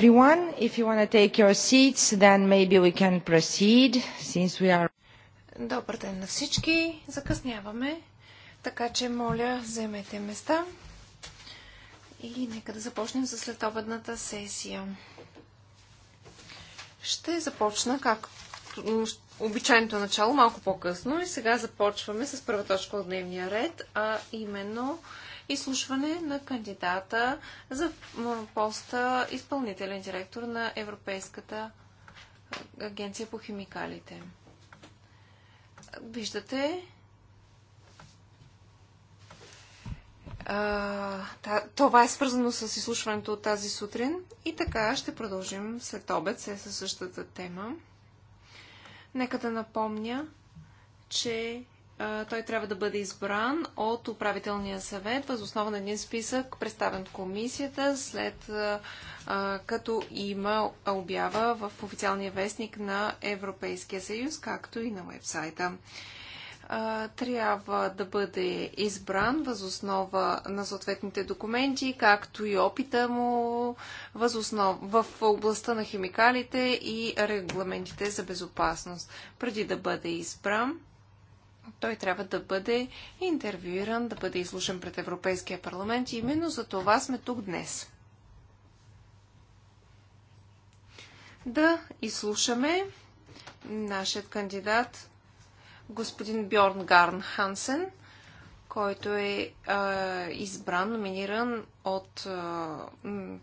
everyone. If you want to take your seats, then maybe we can proceed, since we are... Добър ден на всички. Закъсняваме, така че моля, вземете места и нека да започнем за следобедната сесия. Ще започна как обичайното начало малко по-късно и сега започваме с първа точка от дневния ред, а именно изслушване на кандидата за поста изпълнителен директор на Европейската агенция по химикалите. Виждате, това е свързано с изслушването от тази сутрин. И така ще продължим след обед, се е със същата тема. Нека да напомня, че той трябва да бъде избран от управителния съвет въз основа на един списък, представен от комисията, след като има обява в официалния вестник на Европейския съюз, както и на вебсайта. Трябва да бъде избран възоснова на съответните документи, както и опита му в областта на химикалите и регламентите за безопасност. Преди да бъде избран, той трябва да бъде интервюиран, да бъде изслушан пред Европейския парламент и именно за това сме тук днес. Да изслушаме нашият кандидат господин Бьорн Гарн Хансен – който е а, избран, номиниран от а,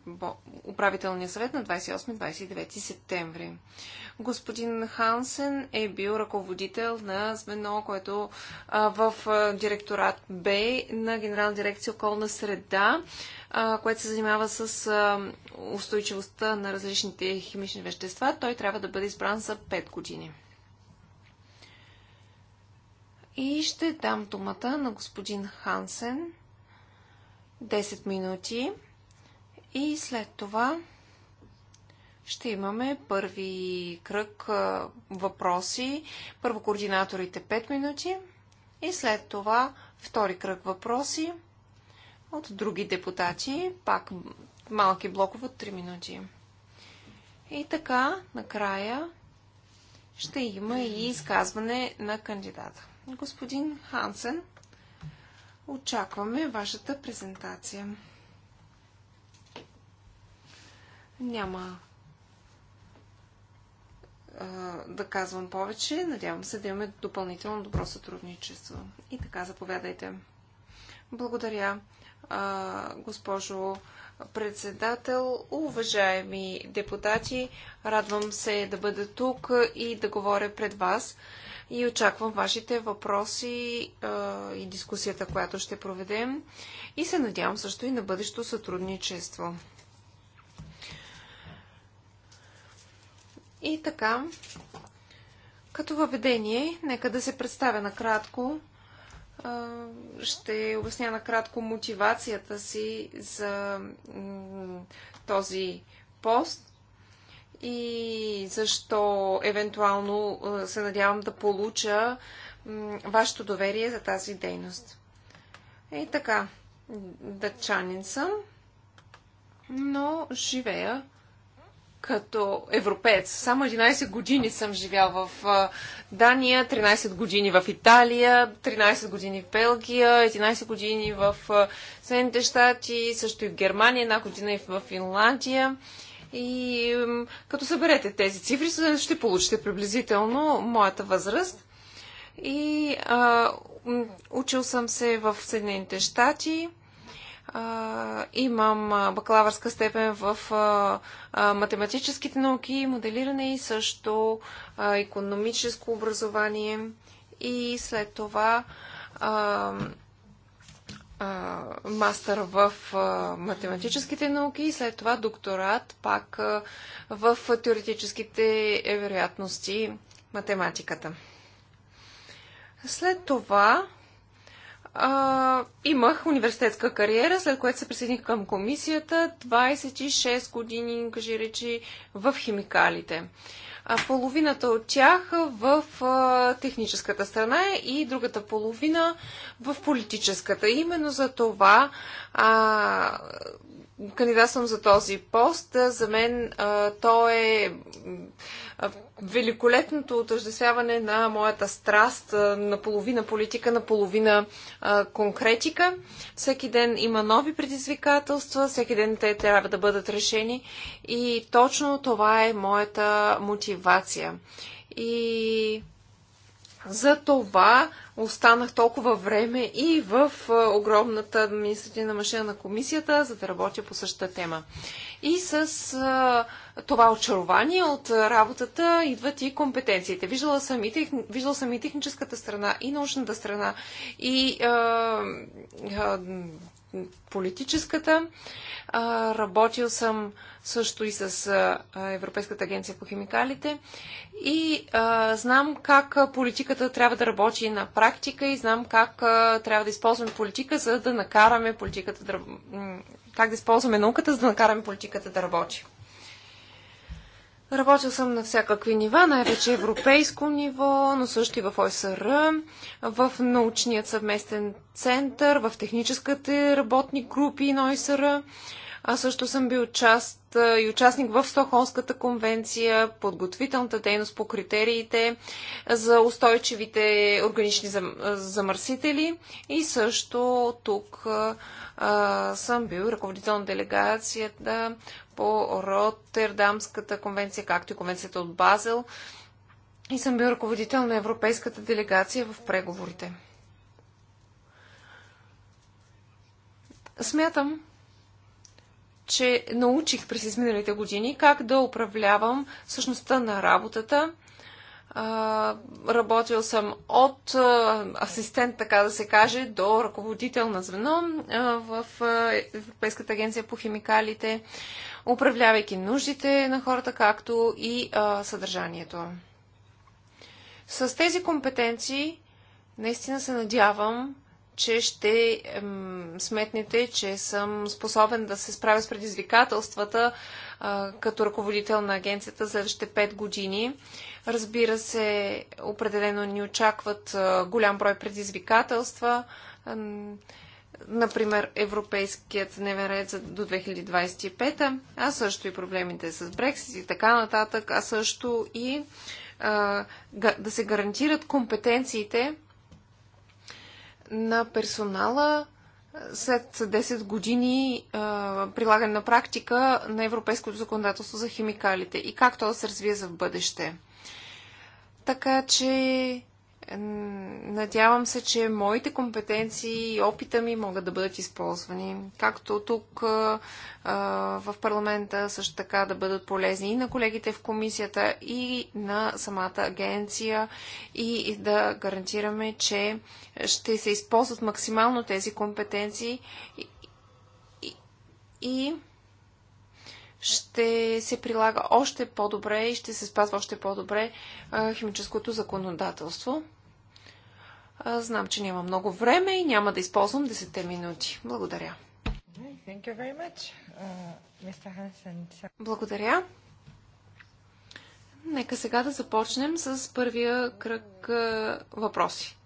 бо, управителния съвет на 28-29 септември. Господин Хансен е бил ръководител на звено, което а, в а, директорат Б на Генерална дирекция околна среда, а, което се занимава с а, устойчивостта на различните химични вещества. Той трябва да бъде избран за 5 години. И ще дам думата на господин Хансен 10 минути. И след това ще имаме първи кръг въпроси. Първо координаторите 5 минути и след това втори кръг въпроси от други депутати, пак малки блокове от 3 минути. И така, накрая ще има и изказване на кандидата. Господин Хансен, очакваме вашата презентация. Няма да казвам повече. Надявам се да имаме допълнително добро сътрудничество. И така, заповядайте. Благодаря, госпожо председател, уважаеми депутати. Радвам се да бъда тук и да говоря пред вас и очаквам вашите въпроси а, и дискусията, която ще проведем. И се надявам също и на бъдещо сътрудничество. И така, като въведение, нека да се представя накратко. Ще обясня накратко мотивацията си за този пост и защо евентуално е, се надявам да получа вашето доверие за тази дейност. И така, дъчанин съм, но живея като европеец. Само 11 години съм живял в е, Дания, 13 години в Италия, 13 години в Белгия, 11 години в е, Съединените щати, също и в Германия, една година и в Финландия. И като съберете тези цифри, ще получите приблизително моята възраст. И а, учил съм се в Съединените щати. А, имам бакалавърска степен в а, а, математическите науки, моделиране и също а, економическо образование. И след това а, мастър в а, математическите науки и след това докторат пак а, в теоретическите е, вероятности математиката. След това а, имах университетска кариера, след което се присъединих към комисията 26 години, кажи речи, в химикалите половината от тях в техническата страна и другата половина в политическата. Именно за това а, кандидатствам за този пост. За мен а, то е великолепното отъждествяване на моята страст на половина политика, на половина а, конкретика. Всеки ден има нови предизвикателства, всеки ден те трябва да бъдат решени и точно това е моята мотивация. И за това останах толкова време и в огромната административна машина на комисията, за да работя по същата тема. И с а, това очарование от работата идват и компетенциите. Виждала съм и, тех... Виждала съм и техническата страна, и научната страна, и а, а, политическата. А, работил съм също и с Европейската агенция по химикалите и а, знам как политиката трябва да работи на практика и знам как а, трябва да използваме политика, за да накараме политиката да... Как да използваме науката, за да накараме политиката да работи. Работил съм на всякакви нива, най-вече европейско ниво, но също и в ОСР, в научният съвместен център, в техническите работни групи на ОСР. А също съм бил част и участник в Стохолмската конвенция, подготвителната дейност по критериите за устойчивите органични замърсители и също тук а, съм бил ръководител на делегацията по Роттердамската конвенция, както и конвенцията от Базел. И съм бил ръководител на европейската делегация в преговорите. Смятам, че научих през изминалите години как да управлявам същността на работата – работил съм от асистент, така да се каже, до ръководител на звено в Европейската агенция по химикалите, управлявайки нуждите на хората, както и съдържанието. С тези компетенции наистина се надявам, че ще сметнете, че съм способен да се справя с предизвикателствата, като ръководител на агенцията за следващите 5 години. Разбира се, определено ни очакват голям брой предизвикателства. например, европейският дневен ред за, до 2025, а също и проблемите с Брексит и така нататък, а също и а, да се гарантират компетенциите на персонала след 10 години а, прилагане на практика на европейското законодателство за химикалите и как то да се развие за в бъдеще. Така че Надявам се, че моите компетенции и опита ми могат да бъдат използвани, както тук в парламента, също така да бъдат полезни и на колегите в комисията, и на самата агенция, и да гарантираме, че ще се използват максимално тези компетенции и ще се прилага още по-добре и ще се спазва още по-добре химическото законодателство. Знам, че няма много време и няма да използвам 10 минути. Благодаря. Uh, Благодаря. Нека сега да започнем с първия кръг въпроси.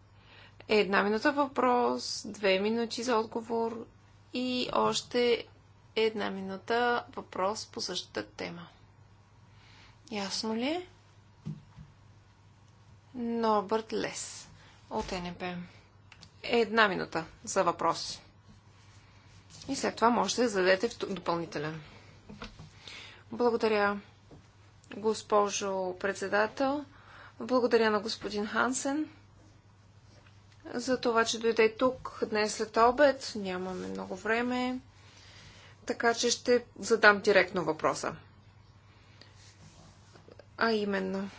Една минута въпрос, две минути за отговор и още една минута въпрос по същата тема. Ясно ли е? Норбърт Лес от НП. Една минута за въпрос. И след това можете да зададете в допълнителен. Благодаря, госпожо председател. Благодаря на господин Хансен за това, че дойде тук днес след обед. Нямаме много време, така че ще задам директно въпроса. А именно,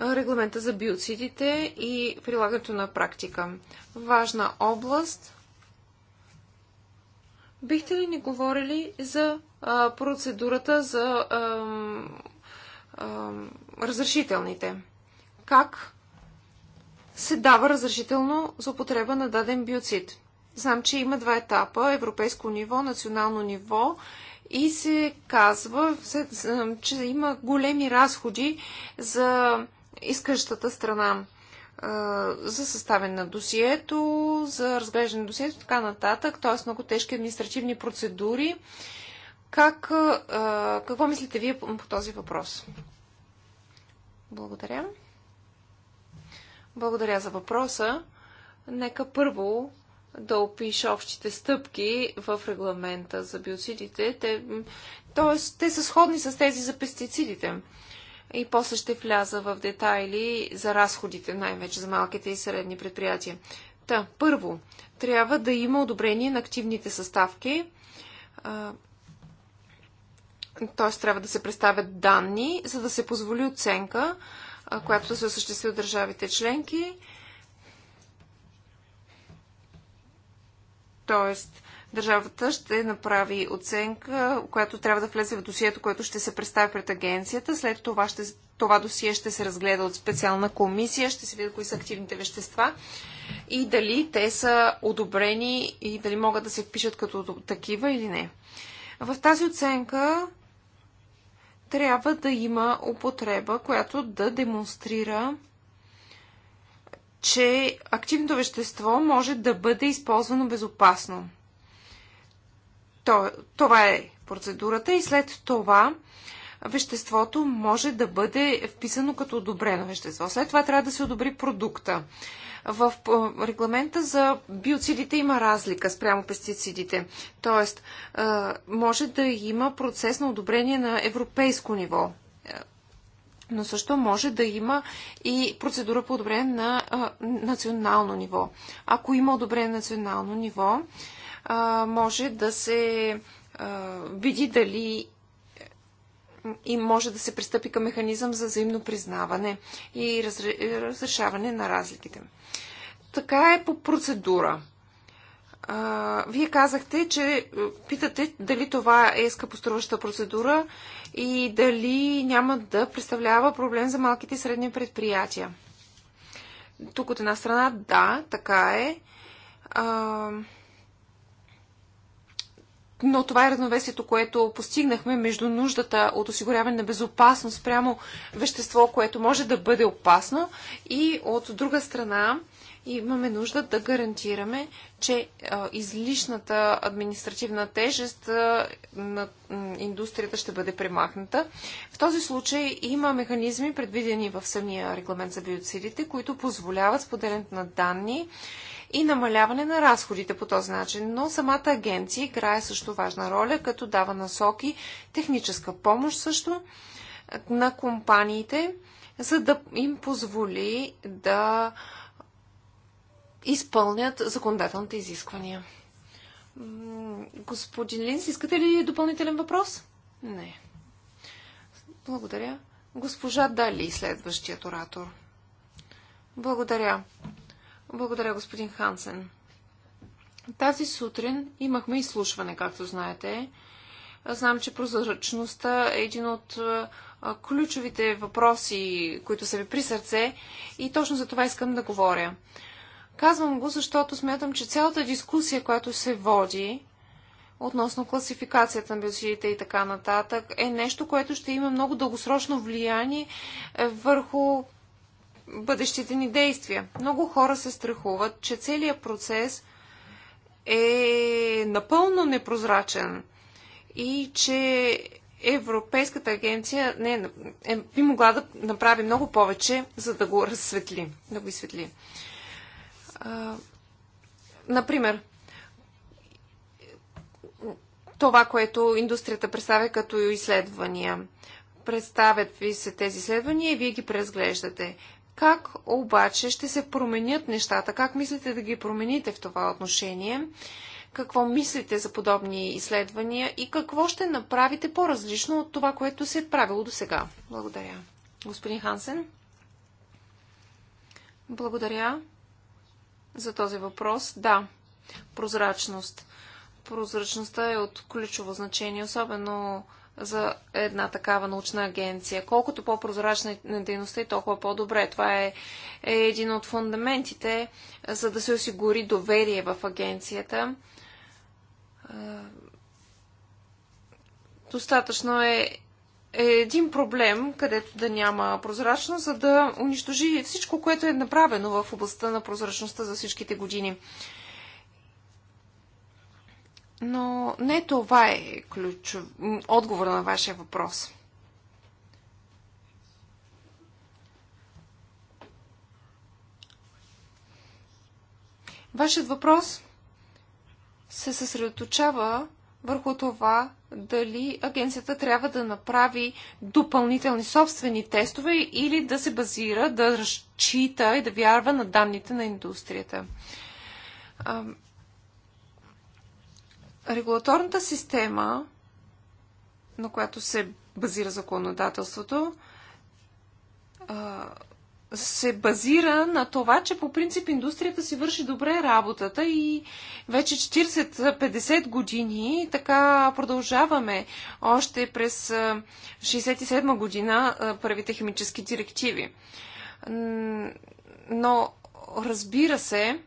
регламента за биоцидите и прилагането на практика. Важна област. Бихте ли ни говорили за процедурата за разрешителните? Как се дава разрешително за употреба на даден биоцид? Знам, че има два етапа европейско ниво, национално ниво и се казва, че има големи разходи за искащата страна за съставяне на досието, за разглеждане на досието, така нататък, т.е. много тежки административни процедури. Как, какво мислите вие по, този въпрос? Благодаря. Благодаря за въпроса. Нека първо да опиша общите стъпки в регламента за биоцидите. Те, тоест, те са сходни с тези за пестицидите и после ще вляза в детайли за разходите, най-вече за малките и средни предприятия. Та, първо, трябва да има одобрение на активните съставки, т.е. трябва да се представят данни, за да се позволи оценка, която да се осъществи от държавите членки. Тоест, Държавата ще направи оценка, която трябва да влезе в досието, което ще се представи пред агенцията. След това ще, това досие ще се разгледа от специална комисия, ще се видят кои са активните вещества и дали те са одобрени и дали могат да се впишат като такива или не. В тази оценка трябва да има употреба, която да демонстрира, че активното вещество може да бъде използвано безопасно. То, това е процедурата и след това веществото може да бъде вписано като одобрено вещество. След това трябва да се одобри продукта. В е, регламента за биоцидите има разлика спрямо пестицидите. Тоест, е, може да има процес на одобрение на европейско ниво. Е, но също може да има и процедура по одобрение на национално ниво. Ако има одобрение на национално ниво, може да се види дали и може да се пристъпи към механизъм за взаимно признаване и разрешаване на разликите. Така е по процедура. А, вие казахте, че е, питате дали това е скъпоструваща процедура и дали няма да представлява проблем за малките и средни предприятия. Тук от една страна, да, така е. А, но това е равновесието, което постигнахме между нуждата от осигуряване на безопасност прямо вещество, което може да бъде опасно и от друга страна имаме нужда да гарантираме, че излишната административна тежест на индустрията ще бъде премахната. В този случай има механизми, предвидени в самия регламент за биоцидите, които позволяват споделянето на данни и намаляване на разходите по този начин. Но самата агенция играе също важна роля, като дава насоки, техническа помощ също на компаниите, за да им позволи да изпълнят законодателните изисквания. Господин Линс, искате ли допълнителен въпрос? Не. Благодаря. Госпожа Дали, следващият оратор. Благодаря. Благодаря, господин Хансен. Тази сутрин имахме изслушване, както знаете. Знам, че прозрачността е един от ключовите въпроси, които са ви при сърце и точно за това искам да говоря. Казвам го, защото смятам, че цялата дискусия, която се води относно класификацията на биосидите и така нататък, е нещо, което ще има много дългосрочно влияние е, върху бъдещите ни действия. Много хора се страхуват, че целият процес е напълно непрозрачен и че Европейската агенция не, е, би могла да направи много повече, за да го разсветли, да го изсветли. А, например, това, което индустрията представя като изследвания. Представят ви се тези изследвания и вие ги преразглеждате. Как обаче ще се променят нещата? Как мислите да ги промените в това отношение? Какво мислите за подобни изследвания и какво ще направите по-различно от това, което се е правило до сега? Благодаря. Господин Хансен? Благодаря за този въпрос. Да, прозрачност. Прозрачността е от ключово значение, особено за една такава научна агенция. Колкото по-прозрачна е дейността и толкова по-добре. Това е, е един от фундаментите, за да се осигури доверие в агенцията. Достатъчно е е един проблем, където да няма прозрачност, за да унищожи всичко, което е направено в областта на прозрачността за всичките години. Но не това е ключ... отговор на вашия въпрос. Вашият въпрос се съсредоточава върху това дали агенцията трябва да направи допълнителни собствени тестове или да се базира, да разчита и да вярва на данните на индустрията регулаторната система, на която се базира законодателството, се базира на това, че по принцип индустрията си върши добре работата и вече 40-50 години така продължаваме. Още през 67 година първите химически директиви. Но разбира се,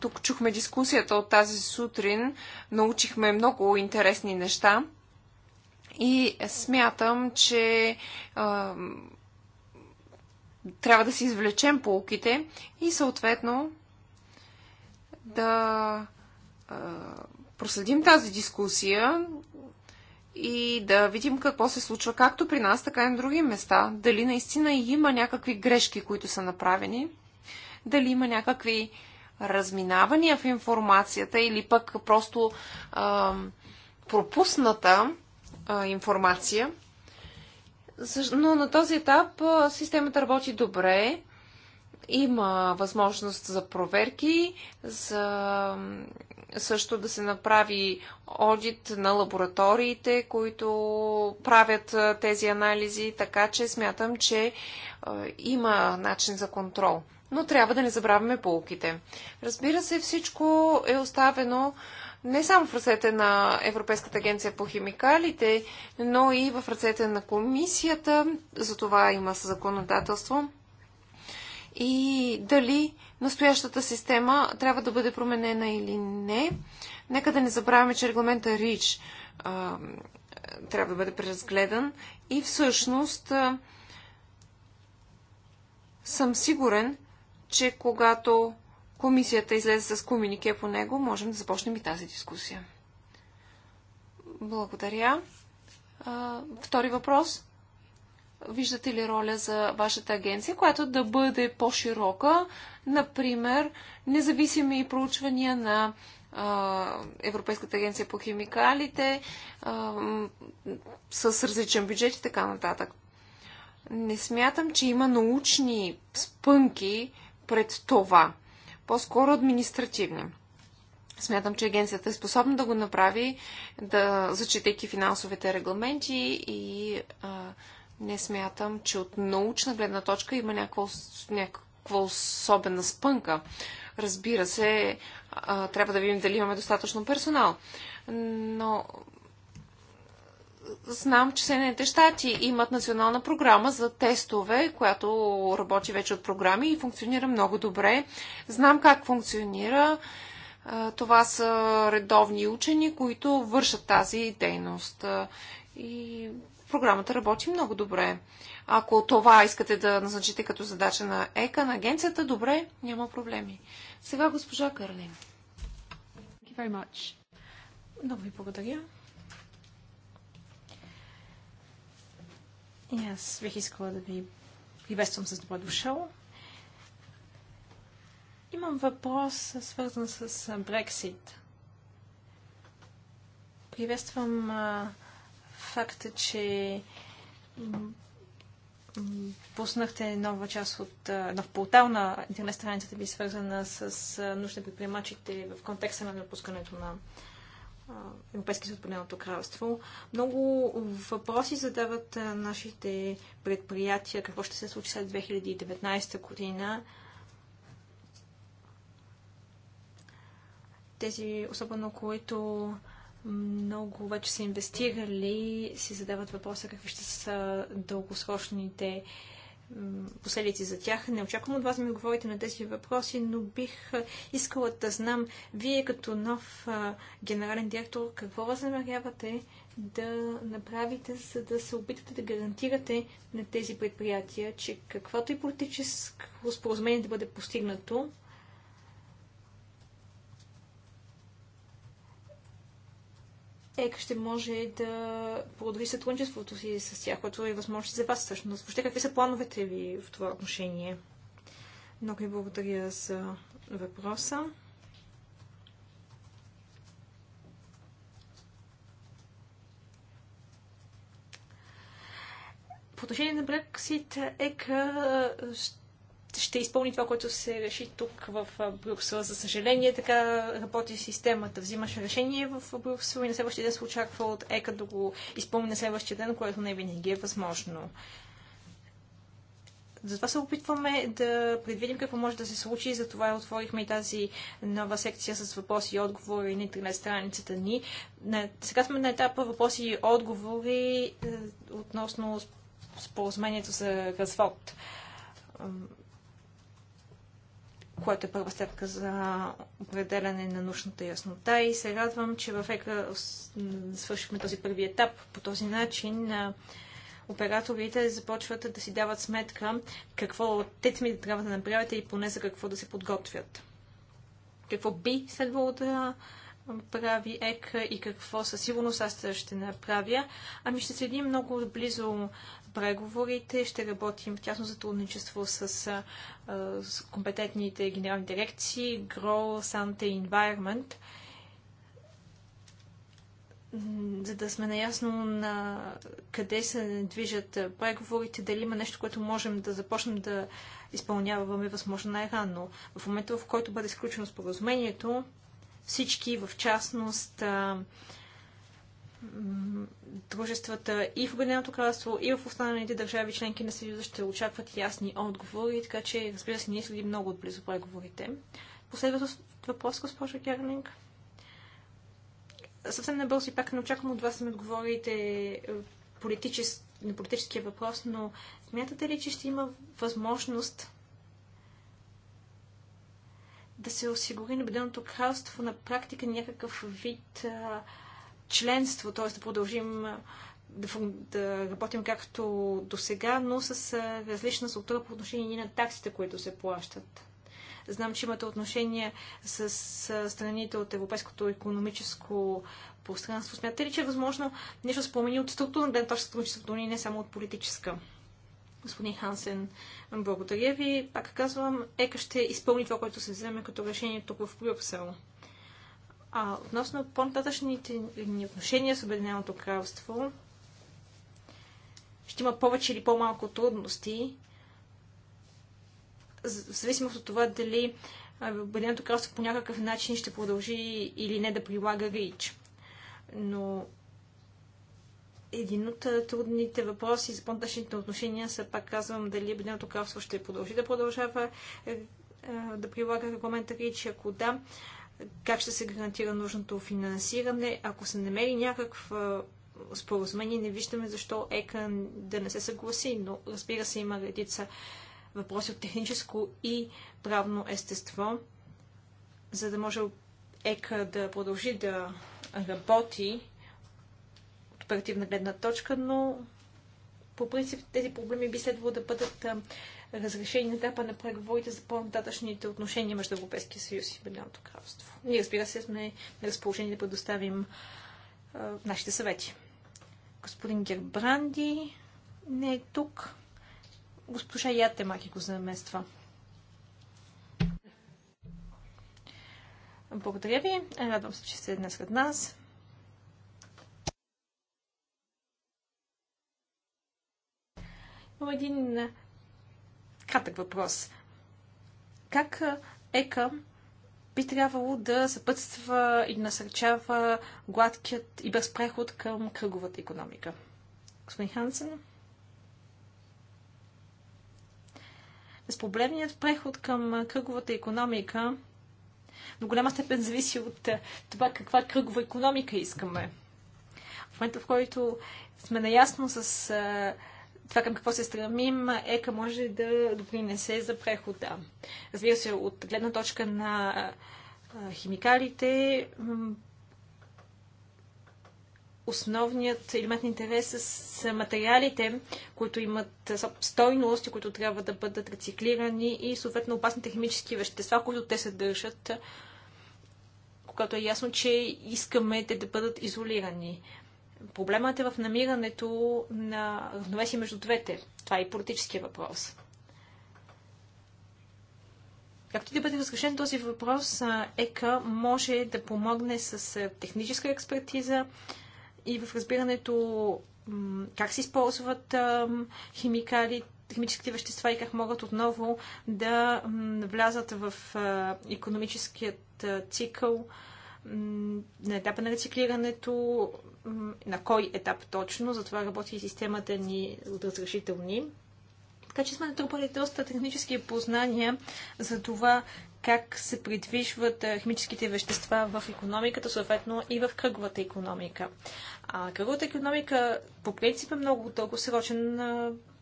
тук чухме дискусията от тази сутрин, научихме много интересни неща и смятам, че а, трябва да си извлечем полуките и съответно да а, проследим тази дискусия и да видим какво се случва както при нас, така и на други места. Дали наистина има някакви грешки, които са направени, дали има някакви разминавания в информацията или пък просто а, пропусната а, информация. Но на този етап системата работи добре. Има възможност за проверки, за също да се направи одит на лабораториите, които правят тези анализи, така че смятам, че има начин за контрол но трябва да не забравяме полуките. Разбира се, всичко е оставено не само в ръцете на Европейската агенция по химикалите, но и в ръцете на комисията. За това има законодателство. И дали настоящата система трябва да бъде променена или не. Нека да не забравяме, че регламента РИЧ а, трябва да бъде преразгледан. И всъщност а, съм сигурен, че когато комисията излезе с комюнике по него, можем да започнем и тази дискусия. Благодаря. втори въпрос. Виждате ли роля за вашата агенция, която да бъде по-широка, например, независими проучвания на Европейската агенция по химикалите с различен бюджет и така нататък? Не смятам, че има научни спънки, пред това. По-скоро административни. Смятам, че агенцията е способна да го направи, да зачитайки финансовите регламенти и а, не смятам, че от научна гледна точка има някаква, някаква особена спънка. Разбира се, а, трябва да видим дали имаме достатъчно персонал. Но знам, че Съединените щати имат национална програма за тестове, която работи вече от програми и функционира много добре. Знам как функционира. Това са редовни учени, които вършат тази дейност. И програмата работи много добре. Ако това искате да назначите като задача на ЕКА, на агенцията, добре, няма проблеми. Сега госпожа Кърлин. Много ви благодаря. И аз бих искала да ви приветствам с добро дошъл. Имам въпрос, свързан с Брексит. Приветствам а, факта, че пуснахте нова част от нов портал на интернет страницата ви, свързана с нужда предприемачите в контекста на напускането на Европейския съюз Обединеното кралство. Много въпроси задават нашите предприятия, какво ще се случи след 2019 година. Тези, особено които много вече са инвестирали, си задават въпроса какви ще са дългосрочните последици за тях. Не очаквам от вас да ми говорите на тези въпроси, но бих искала да знам, вие като нов а, генерален директор, какво възнамерявате да направите, за да се опитате да гарантирате на тези предприятия, че каквото и политическо споразумение да бъде постигнато, ЕК ще може да продължи сътрудничеството си с тях, което е възможност за вас всъщност. Въобще, какви са плановете ви в това отношение? Много ви благодаря за въпроса. По отношение на Брексит, ЕК ще ще изпълни това, което се реши тук в Брюксел. За съжаление, така работи системата. Взимаш решение в Брюксел и на следващия ден се очаква от ЕКА да го изпълни на следващия ден, което не винаги е възможно. Затова се опитваме да предвидим какво може да се случи. Затова отворихме и тази нова секция с въпроси и отговори на интернет страницата ни. Сега сме на етапа въпроси и отговори е, относно споразумението за развод което е първа стъпка за определяне на нужната яснота и се радвам, че в ЕКА свършихме този първи етап. По този начин операторите започват да си дават сметка какво те самите трябва да направят и поне за какво да се подготвят. Какво би следвало да прави ЕК и какво със сигурност аз ще направя. Ами ще следим много близо преговорите. Ще работим в тясно сътрудничество с, с компетентните генерални дирекции GROW, Санте и Environment, за да сме наясно на къде се движат преговорите, дали има нещо, което можем да започнем да изпълняваме възможно най-рано. В момента, в който бъде изключено споразумението, всички, в частност, дружествата и в Обединеното кралство, и в останалите държави членки на Съюза ще очакват ясни отговори, така че, разбира се, ние следим много отблизо преговорите. Последва въпрос, госпожа Герлинг. Съвсем набързо и пак не очаквам от вас да ми отговорите е, политичес... на политическия въпрос, но смятате ли, че ще има възможност да се осигури на Обединеното кралство на практика някакъв вид а, членство, т.е. да продължим да, да работим както до сега, но с различна структура по отношение на таксите, които се плащат. Знам, че имате отношение с, с страните от Европейското економическо пространство. Смятате ли, че е възможно нещо да спомени от структурна гледна точка сътрудничеството ни, не само от политическа? Господин Хансен, благодаря ви. Пак казвам, ЕКА ще изпълни това, което се вземе като решение тук в Брюксел. А относно по-нататъчните ни отношения с Обединеното кралство, ще има повече или по-малко трудности, в зависимост от това дали Обединеното кралство по някакъв начин ще продължи или не да прилага РИЧ. Но един от трудните въпроси за по-нататъчните отношения са, пак казвам, дали Обединеното кралство ще продължи да продължава да прилага регламента РИЧ. Ако да, как ще се гарантира нужното финансиране. Ако се намери някаква споразумение, не виждаме защо ЕКА да не се съгласи, но разбира се има редица въпроси от техническо и правно естество, за да може ЕКА да продължи да работи от оперативна гледна точка, но по принцип тези проблеми би следвало да бъдат разрешение на етапа на преговорите за по-нататъчните отношения между Европейския съюз и Обединеното кралство. Ние, разбира се, сме на разположение да предоставим а, нашите съвети. Господин Гербранди не е тук. Госпожа Ятемаки го замества. Благодаря ви. Радвам се, че сте днес след нас. Имам един кратък въпрос. Как ЕКА би трябвало да съпътства и да насърчава гладкият и без преход към кръговата економика? Господин Хансен? Безпроблемният преход към кръговата економика до голяма степен зависи от това каква кръгова економика искаме. В момента, в който сме наясно с това към какво се стремим е към може да допринесе за прехода. Разбира се, от гледна точка на химикалите, основният елемент на интерес са материалите, които имат стойност и които трябва да бъдат рециклирани и съответно опасните химически вещества, които те съдържат, когато е ясно, че искаме те да бъдат изолирани. Проблемът е в намирането на равновесие между двете. Това е и политически въпрос. Както да бъде разрешен този въпрос, ЕКА може да помогне с техническа експертиза и в разбирането как се използват химикали, химическите вещества и как могат отново да влязат в економическият цикъл на етапа на рециклирането, на кой етап точно, затова работи и системата ни от разрешителни. Така че сме натрупали доста технически познания за това как се придвижват химическите вещества в економиката, съответно и в кръговата економика. А кръговата економика по принцип е много дългосрочен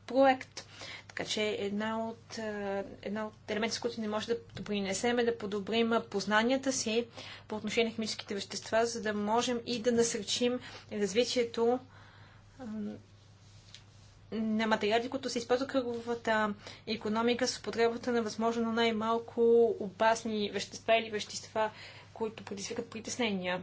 проект. Така че една от, една от елементите, с които не може да допринесем е да подобрим познанията си по отношение на химическите вещества, за да можем и да насърчим развитието на материали, които се използват кръговата економика с употребата на възможно най-малко опасни вещества или вещества, които предизвикат притеснения.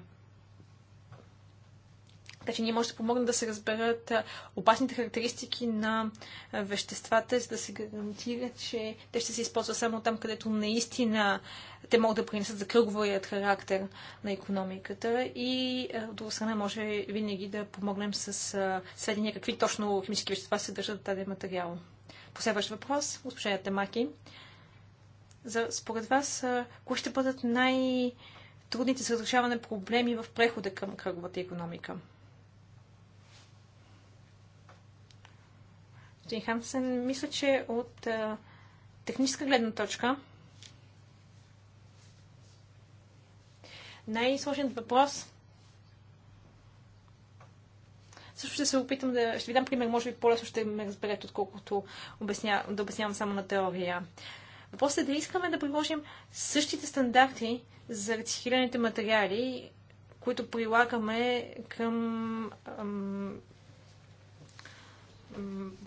Така значи, че ние може да помогнем да се разберат опасните характеристики на веществата, за да се гарантира, че те ще се използват само там, където наистина те могат да принесат за кръговият характер на економиката. И от друга страна може винаги да помогнем с сведения какви точно химически вещества се държат в даден материал. Последващ въпрос, госпожа Темаки. За, според вас, кои ще бъдат най- трудните за разрешаване проблеми в прехода към кръговата економика. господин Хансен. Мисля, че от а, техническа гледна точка най-сложният въпрос също ще се опитам да... Ще ви дам пример, може би по-лесно ще ме разберете, отколкото обясня, да обяснявам само на теория. Въпросът е да искаме да приложим същите стандарти за рециклираните материали, които прилагаме към ам,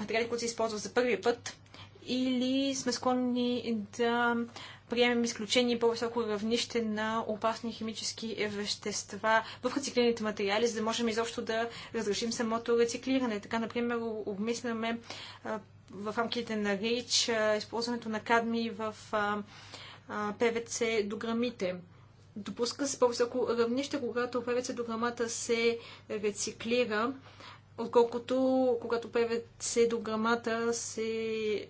материали, които се използват за първи път, или сме склонни да приемем изключение по-високо равнище на опасни химически вещества в рециклираните материали, за да можем изобщо да разрешим самото рециклиране. Така, например, обмисляме в рамките на РИЧ използването на кадми в ПВЦ до грамите. Допуска се по-високо равнище, когато ПВЦ до грамата се рециклира, отколкото когато певец се до грамата се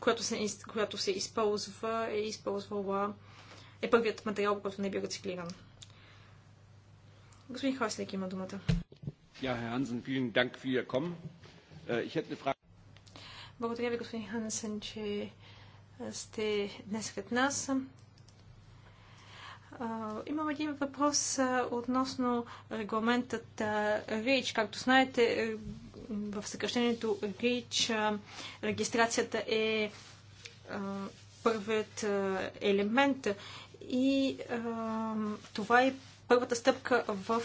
която се, която се използва, е използвала е първият материал, който не е бил рециклиран. Господин Хаслик има думата. Ja, Herr Hansen, vielen Dank für Ihr Kommen. Äh, ich hätte eine Frage. Благодаря ви, господин Хансен, че сте днес сред нас. Имам един въпрос относно регламентът РИЧ. Както знаете, е, в съкръщението РИЧ регистрацията е първият елемент и това е първата стъпка в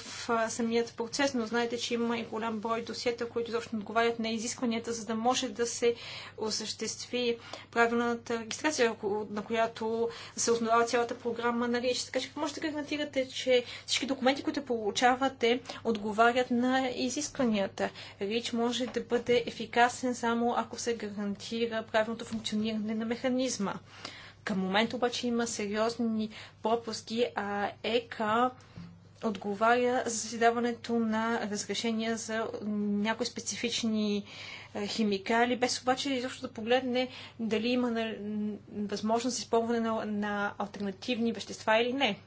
самият процес, но знаете, че има и голям брой досиета, които изобщо отговарят на изискванията, за да може да се осъществи правилната регистрация, на която се основава цялата програма на реч. Така че може да гарантирате, че всички документи, които получавате, отговарят на изискванията. РИЧ може да бъде ефикасен само ако се гарантира правилното функциониране на механизма. Към момента обаче има сериозни пропуски, а ЕКА отговаря за заседаването на разрешения за някои специфични е, химикали, без обаче изобщо да погледне дали има възможност за използване на, на альтернативни вещества или не.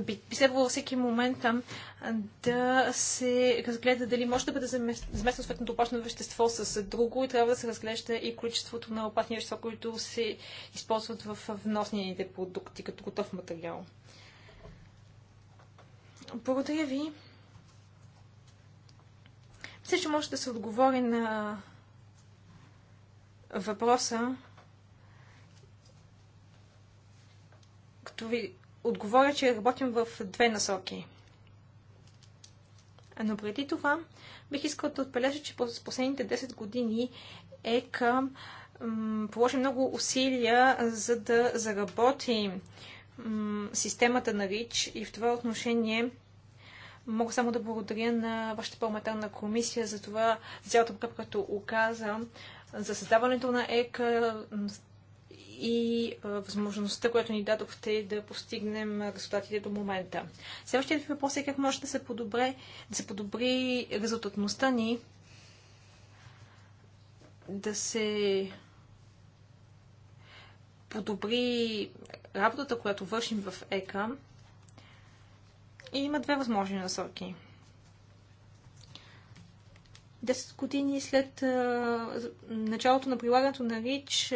би, би следвало всеки момент там да се разгледа дали може да бъде заместено съответното опасно вещество с друго и трябва да се разглежда и количеството на опасни вещества, които се използват в вносните продукти като готов материал. Благодаря ви. Мисля, че може да се отговори на въпроса, като ви отговоря, че работим в две насоки. Но преди това бих искал да отбележа, че през последните 10 години ЕКА положи много усилия за да заработи системата на РИЧ и в това отношение мога само да благодаря на вашата парламентарна комисия за това, за цялата която оказа за създаването на ЕКА, и възможността, която ни дадохте да постигнем резултатите до момента. Следващият въпрос е как може да се, подобре, да се подобри резултатността ни, да се подобри работата, която вършим в ЕКА. И има две възможни насоки. 10 години след а, началото на прилагането на РИЧ,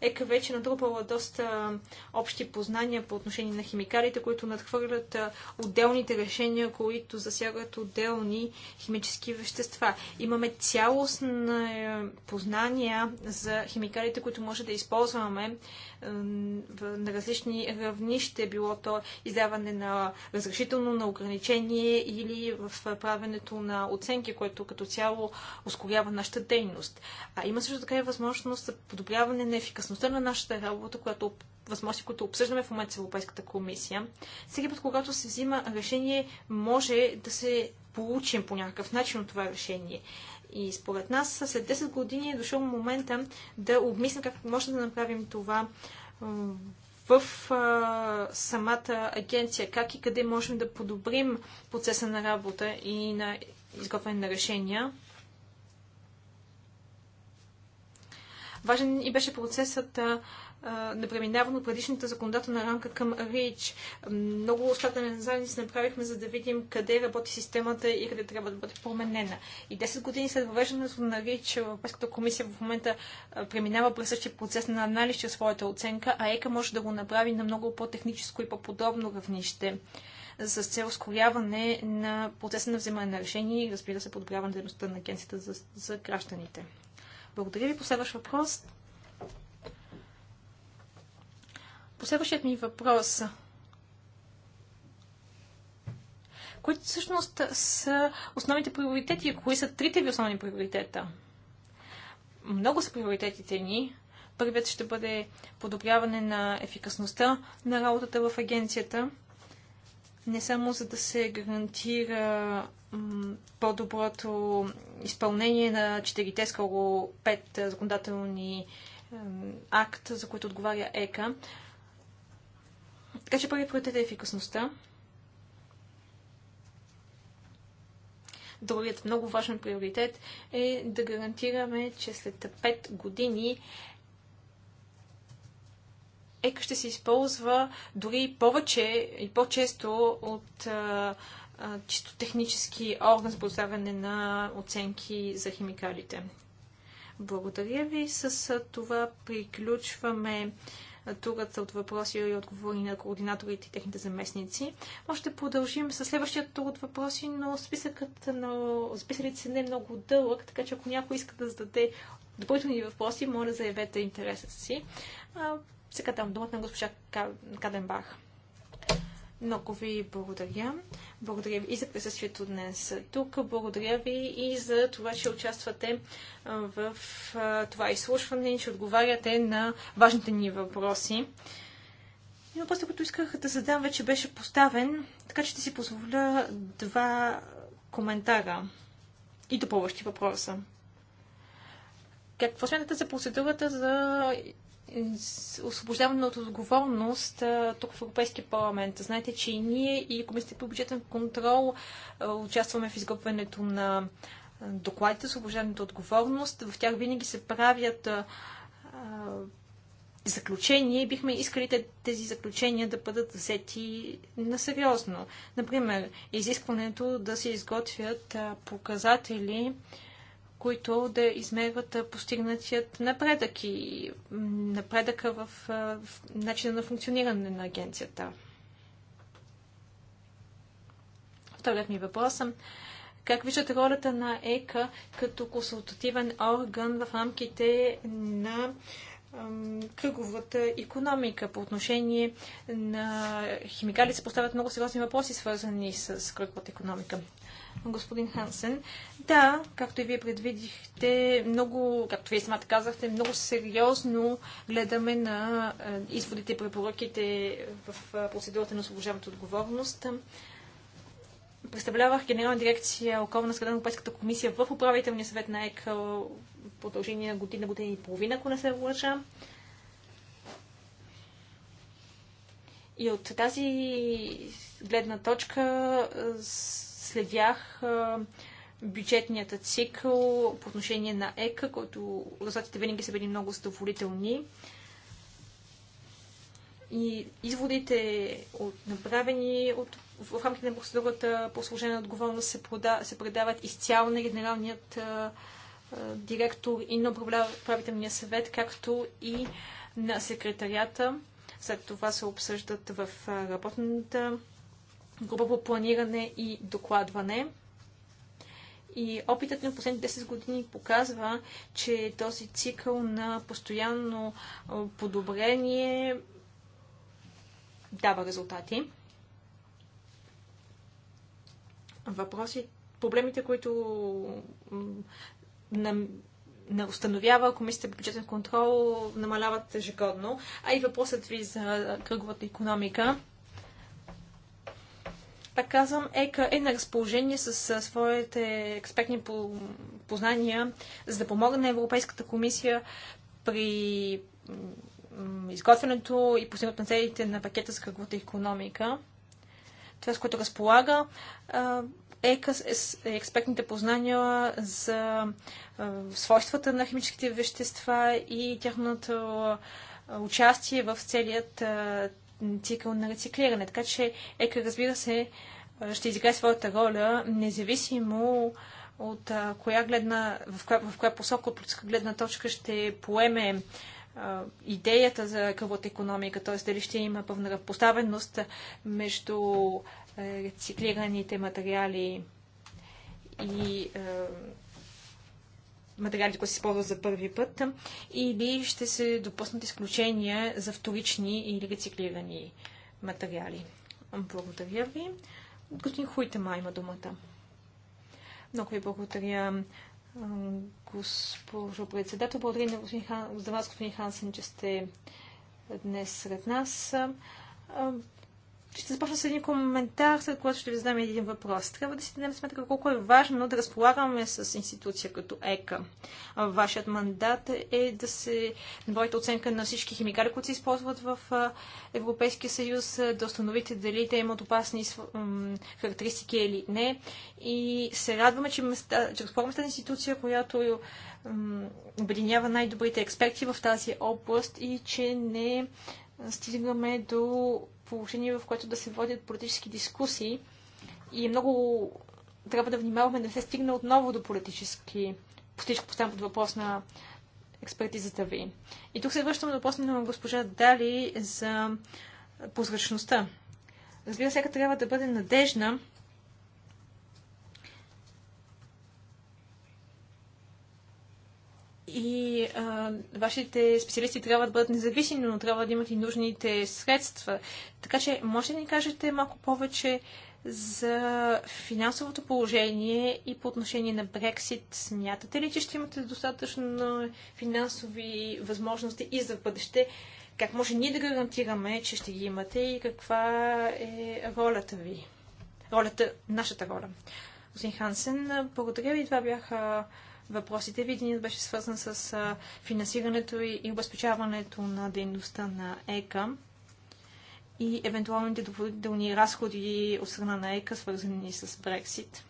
ЕКА вече натрупала доста общи познания по отношение на химикалите, които надхвърлят отделните решения, които засягат отделни химически вещества. Имаме цялостни е, познания за химикалите, които може да използваме на различни равнище, било то издаване на разрешително, на ограничение или в правенето на оценки, което като цяло цяло ускорява нашата дейност. А има също така и възможност за подобряване на ефикасността на нашата работа, която възможности, които обсъждаме в момента с Европейската комисия. Всеки път, когато се взима решение, може да се получим по някакъв начин от това решение. И според нас след 10 години е дошъл момента да обмислим как може да направим това в а, самата агенция, как и къде можем да подобрим процеса на работа и на изготвяне на решения. Важен и беше процесът а, на преминаване от предишната законодателна рамка към РИЧ. Много остатъчен анализ направихме, за да видим къде работи системата и къде трябва да бъде променена. И 10 години след въвеждането на РИЧ, Европейската комисия в момента преминава през същия процес на анализ чрез своята оценка, а ЕКА може да го направи на много по-техническо и по-подобно равнище с цел ускоряване на процеса на вземане на решение и разбира се подобряване дейността на агенцията за, за гражданите. Благодаря ви. Последващ въпрос. Последващият ми въпрос. Които всъщност са основните приоритети и кои са трите ви основни приоритета? Много са приоритетите ни. Първият ще бъде подобряване на ефикасността на работата в агенцията не само за да се гарантира по-доброто изпълнение на четирите, скоро пет законодателни акта, за които отговаря ЕКА. Така че първи приоритет е ефикасността. Другият много важен приоритет е да гарантираме, че след 5 години ЕКА ще се използва дори повече и по-често от чисто технически орган за поставяне на оценки за химикалите. Благодаря ви. С това приключваме турата от въпроси и отговори на координаторите и техните заместници. Може да продължим с следващия тур от въпроси, но списъкът на списъците не е много дълъг, така че ако някой иска да зададе допълнителни въпроси, моля да заявете интереса си. Сега дам думата на госпожа Каденбах. Много ви благодаря. Благодаря ви и за присъствието днес тук. Благодаря ви и за това, че участвате в това изслушване и че отговаряте на важните ни въпроси. И въпросът, който исках да задам, вече беше поставен, така че ще си позволя два коментара и допълващи въпроса. Какво смятате за процедурата за освобождаване от отговорност тук в Европейския парламент. Знаете, че и ние и Комисията по бюджетен контрол участваме в изготвянето на докладите за освобождаването от отговорност. В тях винаги се правят заключения и бихме искали тези заключения да бъдат взети на сериозно. Например, изискването да се изготвят показатели които да измерват постигнатият напредък и напредъка в, в начина на функциониране на агенцията. Вторият ми въпрос е как виждате ролята на ЕКА като консултативен орган в рамките на кръговата економика. По отношение на химикали се поставят много сериозни въпроси, свързани с кръговата економика господин Хансен. Да, както и вие предвидихте, много, както вие самата казахте, много сериозно гледаме на е, изводите и препоръките в е, процедурата на освобождаването отговорност. Представлявах генерална дирекция околна среда на Европейската комисия в управителния съвет на ЕК в продължение на година, година и половина, ако не се лъжа. И от тази гледна точка е, следях бюджетният цикъл по отношение на ЕКА, който резултатите винаги са били много задоволителни. И изводите, от, направени от, в рамките на процедурата по служена отговорност, се, прода, се предават изцяло на генералният а, а, директор и на управителния съвет, както и на секретарията. След това се обсъждат в работната група по планиране и докладване. И опитът на последните 10 години показва, че този цикъл на постоянно подобрение дава резултати. Въпроси, проблемите, които на, на установява комисията по бюджетен контрол, намаляват ежегодно. А и въпросът ви за кръговата економика пак казвам, ЕКА е на разположение с своите експертни познания, за да помогне на Европейската комисия при изготвянето и постигането на целите на пакета с кръговата економика. Това, с което разполага, Ека е експертните познания за свойствата на химическите вещества и тяхното участие в целият цикъл на рециклиране. Така че ЕКА, разбира се, ще изиграе своята роля, независимо от а, коя гледна, в коя, в коя посока, от политическа гледна точка ще поеме а, идеята за кръвната економика, т.е. дали ще има пълна равпоставеност между рециклираните материали и материали, които се използват за първи път, или ще се допуснат изключения за вторични или рециклирани материали. Благодаря ви. Господин Хуйтема има думата. Много ви благодаря, госпожо председател. Благодаря на господин Хан, за вас, господин Хансен, че сте днес сред нас. Ще започна с един коментар, след което ще ви задам един въпрос. Трябва да си дадем сметка колко е важно да разполагаме с институция като ЕКА. Вашият мандат е да се направите оценка на всички химикали, които се използват в Европейския съюз, да установите дали те имат опасни характеристики или не. И се радваме, че, места, че разполагаме с тази институция, която обединява най-добрите експерти в тази област и че не стигаме до положение, в което да се водят политически дискусии и много трябва да внимаваме да не се стигне отново до политически, политическо поставяне под въпрос на експертизата ви. И тук се връщам до въпроса на госпожа Дали за прозрачността. Разбира се, трябва да бъде надежна, и а, вашите специалисти трябва да бъдат независими, но трябва да имат и нужните средства. Така че, може да ни кажете малко повече за финансовото положение и по отношение на Брексит. Смятате ли, че ще имате достатъчно финансови възможности и за бъдеще? Как може ние да гарантираме, че ще ги имате и каква е ролята ви? Ролята, нашата роля. Господин Хансен, благодаря ви. Това бяха въпросите ви. Единият беше свързан с финансирането и обезпечаването на дейността на ЕКА и евентуалните допълнителни разходи от страна на ЕКА, свързани с Брексит.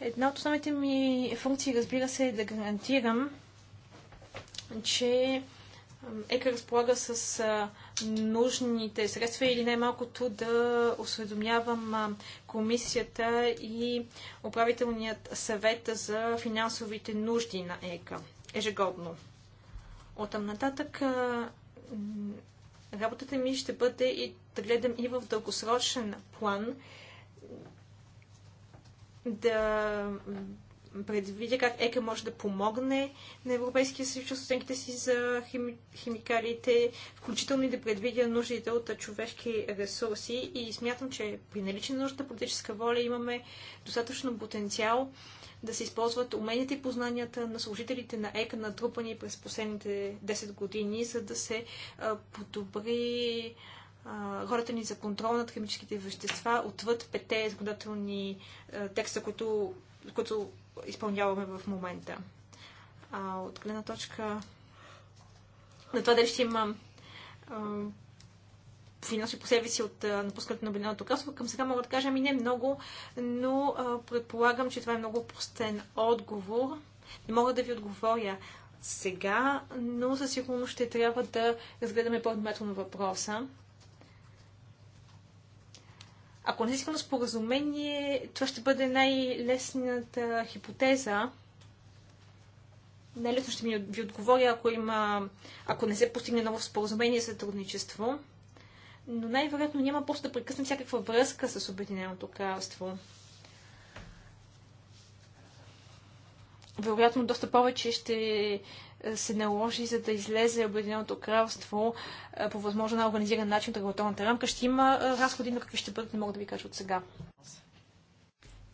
Една от основните ми функции, разбира се, е да гарантирам, че ЕКА разполага с нужните средства или най-малкото да осведомявам комисията и управителният съвет за финансовите нужди на ЕКА ежегодно. Оттам нататък работата ми ще бъде и да гледам и в дългосрочен план да предвидя как ЕКА може да помогне на Европейския съюз оценките си за хими, химикалите, включително и да предвидя нуждите от човешки ресурси. И смятам, че при налична нужда политическа воля имаме достатъчно потенциал да се използват уменията и познанията на служителите на ЕКА, натрупани през последните 10 години, за да се а, подобри хората ни за контрол над химическите вещества отвъд пете законодателни текста, които, които изпълняваме в момента. А от гледна точка на това дали ще има себе си от напускането на Обединеното кралство. Към сега мога да кажа, ами не много, но а, предполагам, че това е много простен отговор. Не мога да ви отговоря сега, но със сигурност ще трябва да разгледаме по-внимателно въпроса. Ако не искам споразумение, това ще бъде най-лесната хипотеза. Най-лесно ще ми ви отговоря, ако, има, ако не се постигне ново споразумение за сътрудничество. Но най-вероятно няма просто да прекъснем всякаква връзка с Обединеното кралство. Вероятно доста повече ще се наложи, за да излезе Обединеното кралство по възможно на организиран начин от регулаторната рамка. Ще има разходи, но какви ще бъдат, не мога да ви кажа от сега.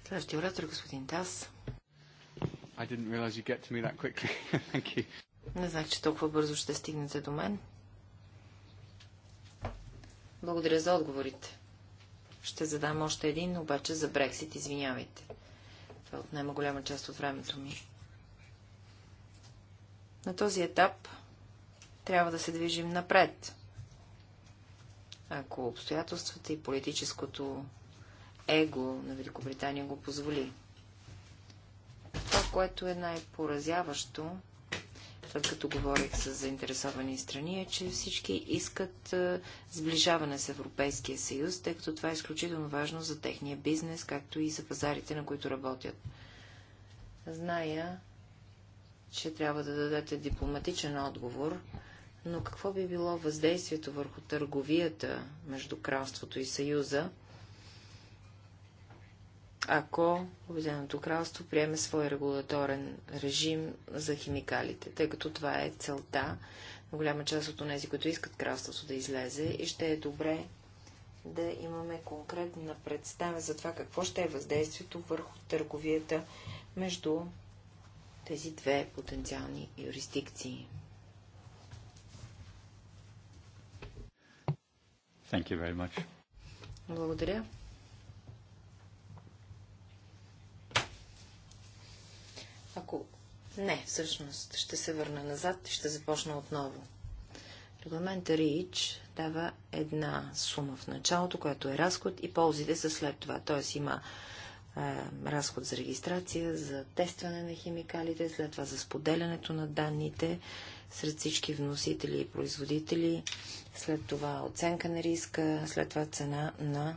Следващия оратор, е господин Тас. I didn't realize you get to me that quickly. Thank you. Не знах, че толкова бързо ще стигнете до мен. Благодаря за отговорите. Ще задам още един, обаче за Брексит, извинявайте. Това е отнема голяма част от времето ми. На този етап трябва да се движим напред. Ако обстоятелствата и политическото его на Великобритания го позволи. Това, което е най-поразяващо, след като говорих с заинтересовани страни, е, че всички искат сближаване с Европейския съюз, тъй като това е изключително важно за техния бизнес, както и за пазарите, на които работят. Зная, че трябва да дадете дипломатичен отговор, но какво би било въздействието върху търговията между кралството и Съюза, ако Обединеното кралство приеме свой регулаторен режим за химикалите, тъй като това е целта на голяма част от тези, които искат кралството да излезе и ще е добре да имаме конкретна представа за това какво ще е въздействието върху търговията между тези две потенциални юрисдикции. Thank you very much. Благодаря. Ако не, всъщност ще се върна назад и ще започна отново. Регламента РИЧ дава една сума в началото, която е разход и ползите са след това. Тоест има разход за регистрация, за тестване на химикалите, след това за споделянето на данните сред всички вносители и производители, след това оценка на риска, след това цена на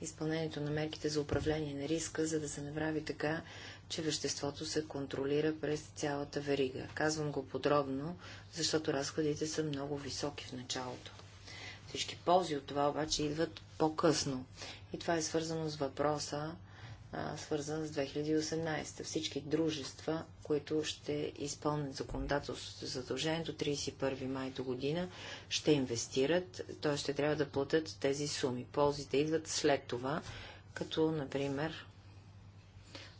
изпълнението на мерките за управление на риска, за да се направи така, че веществото се контролира през цялата верига. Казвам го подробно, защото разходите са много високи в началото. Всички ползи от това обаче идват по-късно. И това е свързано с въпроса, свързан с 2018. Всички дружества, които ще изпълнят законодателството за задължението 31 май до година, ще инвестират, т.е. ще трябва да платят тези суми. Ползите идват след това, като, например,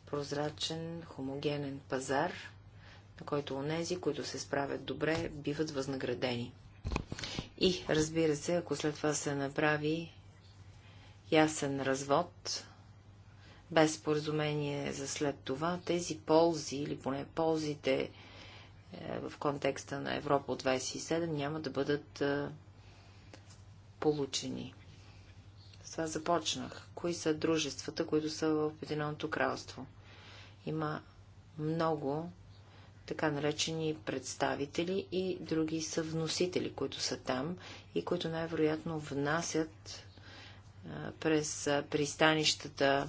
прозрачен, хомогенен пазар, на който онези, които се справят добре, биват възнаградени. И, разбира се, ако след това се направи ясен развод, без споразумение за след това, тези ползи, или поне ползите е, в контекста на Европа от 27, няма да бъдат е, получени. С това започнах. Кои са дружествата, които са в Обединеното кралство? Има много така наречени представители и други съвносители, които са там и които най-вероятно внасят през пристанищата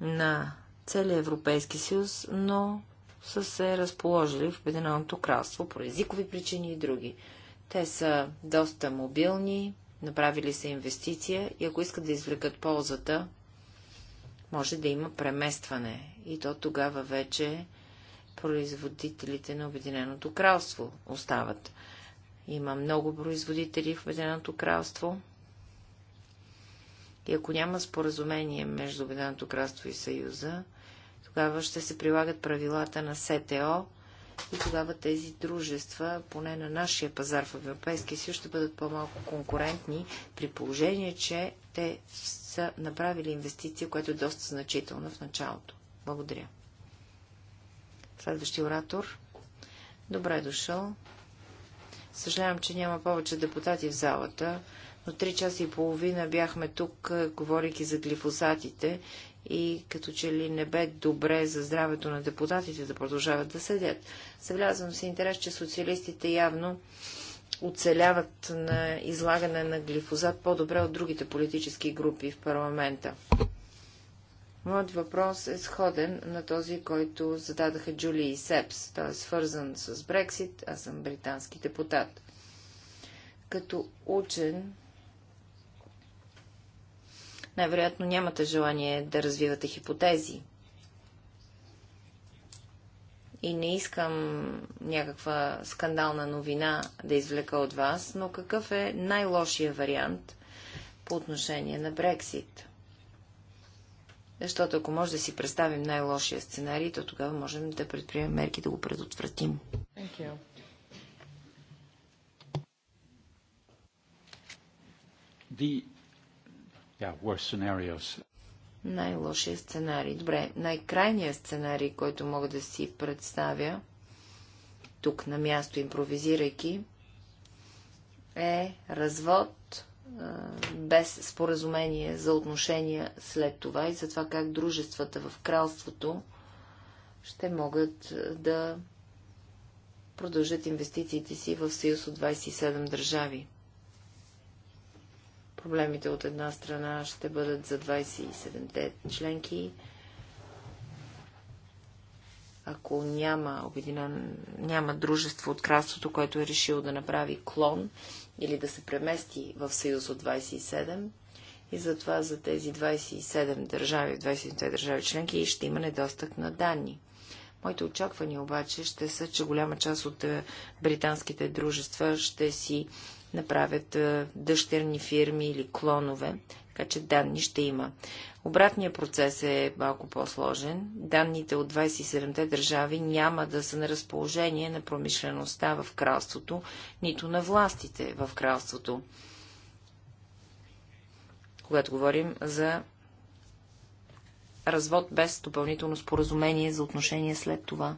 на целия Европейски съюз, но са се разположили в Обединеното кралство по езикови причини и други. Те са доста мобилни, направили са инвестиция и ако искат да извлекат ползата, може да има преместване. И то тогава вече производителите на Обединеното кралство остават. Има много производители в Обединеното кралство. И ако няма споразумение между Обединеното кралство и Съюза, тогава ще се прилагат правилата на СТО и тогава тези дружества, поне на нашия пазар в Европейския съюз, ще бъдат по-малко конкурентни при положение, че те са направили инвестиция, която е доста значителна в началото. Благодаря. Следващи оратор. Добре дошъл. Съжалявам, че няма повече депутати в залата но 3 часа и половина бяхме тук, е, говорейки за глифосатите и като че ли не бе добре за здравето на депутатите да продължават да седят. Съвлязвам се интерес, че социалистите явно оцеляват на излагане на глифозат по-добре от другите политически групи в парламента. Моят въпрос е сходен на този, който зададаха Джули и Сепс. Той е свързан с Брексит, аз съм британски депутат. Като учен най-вероятно нямате желание да развивате хипотези. И не искам някаква скандална новина да извлека от вас, но какъв е най-лошия вариант по отношение на Брексит? Защото ако може да си представим най-лошия сценарий, то тогава можем да предприемем мерки да го предотвратим. Thank you. The най-лошия сценарий. Добре, най-крайният сценарий, който мога да си представя, тук на място импровизирайки, е развод без споразумение за отношения след това и за това как дружествата в кралството ще могат да продължат инвестициите си в съюз от 27 държави. Проблемите от една страна ще бъдат за 27-те членки. Ако няма, обединен, няма дружество от кралството, което е решило да направи клон или да се премести в съюз от 27, и затова за тези 27 държави, 27 държави членки ще има недостъг на данни. Моите очаквания обаче ще са, че голяма част от е, британските дружества ще си направят дъщерни фирми или клонове, така че данни ще има. Обратният процес е малко по-сложен. Данните от 27-те държави няма да са на разположение на промишлеността в кралството, нито на властите в кралството. Когато говорим за развод без допълнително споразумение за отношение след това.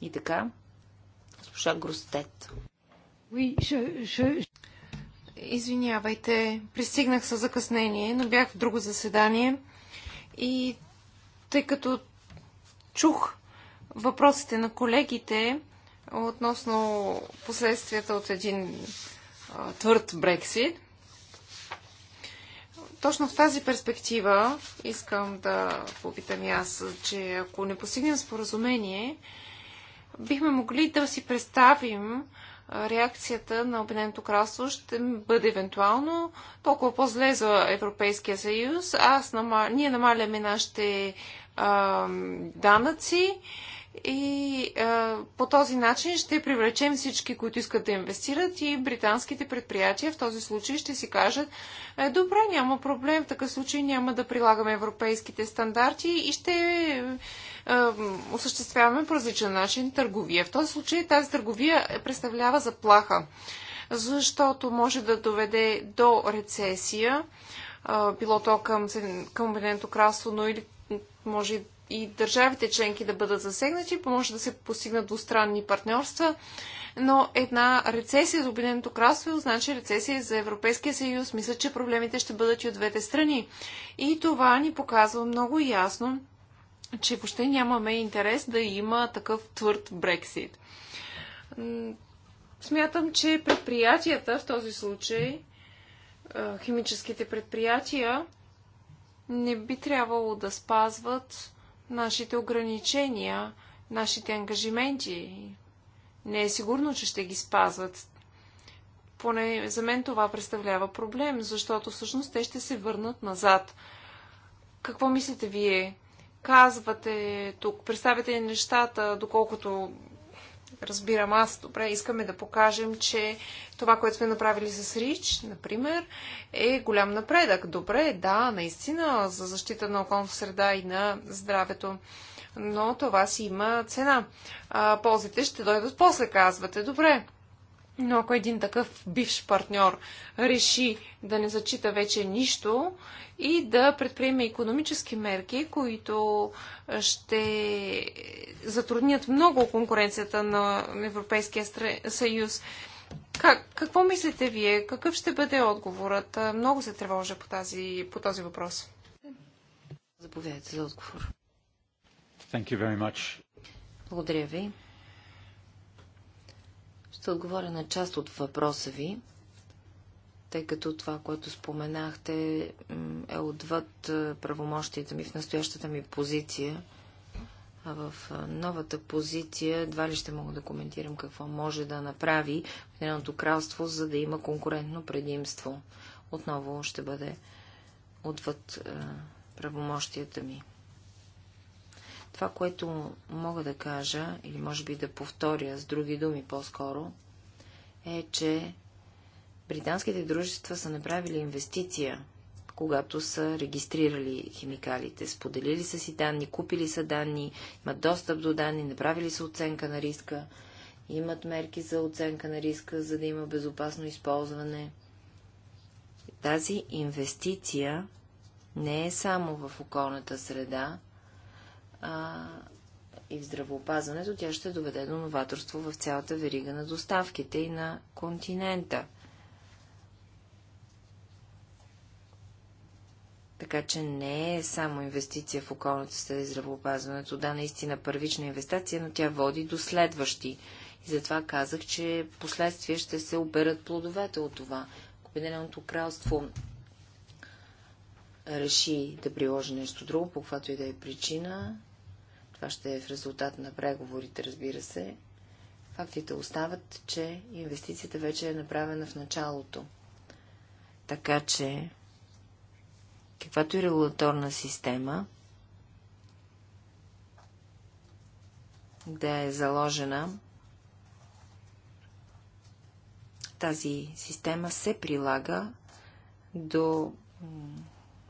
И така, госпожа Гростет. Извинявайте, пристигнах със закъснение, но бях в друго заседание и тъй като чух въпросите на колегите относно последствията от един а, твърд Брексит, точно в тази перспектива искам да попитам и аз, че ако не постигнем споразумение, бихме могли да си представим реакцията на Обединеното кралство ще бъде евентуално толкова по-зле за Европейския съюз. Аз, ние намаляме нашите а, данъци и а, е, по този начин ще привлечем всички, които искат да инвестират и британските предприятия в този случай ще си кажат е, добре, няма проблем, в такъв случай няма да прилагаме европейските стандарти и ще е, е, осъществяваме по различен начин търговия. В този случай тази търговия представлява заплаха, защото може да доведе до рецесия, е, било то към, към Обединеното кралство, но или може и и държавите членки да бъдат засегнати, може да се постигнат двустранни партньорства, но една рецесия за Обединеното кралство значи рецесия за Европейския съюз. Мисля, че проблемите ще бъдат и от двете страни. И това ни показва много ясно, че въобще нямаме интерес да има такъв твърд Брексит. Смятам, че предприятията в този случай, химическите предприятия, не би трябвало да спазват нашите ограничения, нашите ангажименти. Не е сигурно, че ще ги спазват. Поне за мен това представлява проблем, защото всъщност те ще се върнат назад. Какво мислите вие? Казвате тук, представяте нещата, доколкото разбирам аз добре, искаме да покажем, че това, което сме направили с Рич, например, е голям напредък. Добре, да, наистина, за защита на околната среда и на здравето. Но това си има цена. А, ползите ще дойдат после, казвате. Добре. Но ако един такъв бивш партньор реши да не зачита вече нищо и да предприеме економически мерки, които ще затруднят много конкуренцията на Европейския съюз, как, какво мислите вие? Какъв ще бъде отговорът? Много се тревожа по, тази, по този въпрос. Заповядайте за отговор. Благодаря ви ще отговоря на част от въпроса ви, тъй като това, което споменахте, е отвъд правомощията ми в настоящата ми позиция. А в новата позиция едва ли ще мога да коментирам какво може да направи Обединеното кралство, за да има конкурентно предимство. Отново ще бъде отвъд правомощията ми. Това, което мога да кажа, или може би да повторя с други думи по-скоро, е, че британските дружества са направили инвестиция, когато са регистрирали химикалите. Споделили са си данни, купили са данни, имат достъп до данни, направили са оценка на риска, имат мерки за оценка на риска, за да има безопасно използване. Тази инвестиция не е само в околната среда, а, и в здравеопазването, тя ще доведе до новаторство в цялата верига на доставките и на континента. Така че не е само инвестиция в околната среда и здравеопазването. Да, наистина първична инвестиция, но тя води до следващи. И затова казах, че последствия ще се оберат плодовете от това. Обединеното кралство реши да приложи нещо друго, по каквато и да е причина, това ще е в резултат на преговорите, разбира се. Фактите остават, че инвестицията вече е направена в началото. Така че, каквато и регулаторна система да е заложена, тази система се прилага до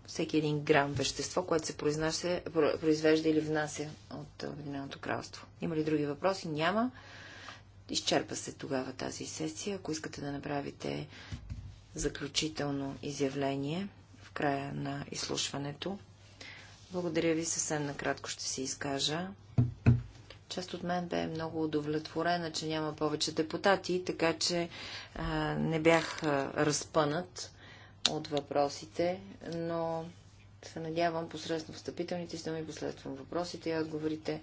всеки един грам вещество, което се произнася, произвежда или внася от Обединеното кралство. Има ли други въпроси? Няма. Изчерпа се тогава тази сесия. Ако искате да направите заключително изявление в края на изслушването, благодаря ви. Съвсем накратко ще се изкажа. Част от мен бе много удовлетворена, че няма повече депутати, така че а, не бях а, разпънат от въпросите, но се надявам посредством встъпителните думи, посредством въпросите и отговорите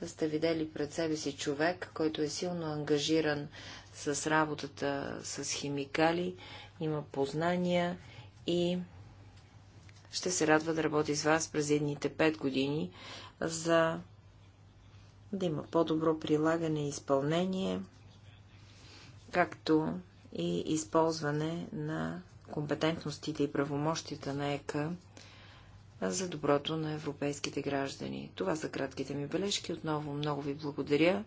да сте видели пред себе си човек, който е силно ангажиран с работата с химикали, има познания и ще се радва да работи с вас през едните 5 години, за да има по-добро прилагане и изпълнение, както и използване на компетентностите и правомощията на ЕКА за доброто на европейските граждани. Това са кратките ми бележки. Отново много ви благодаря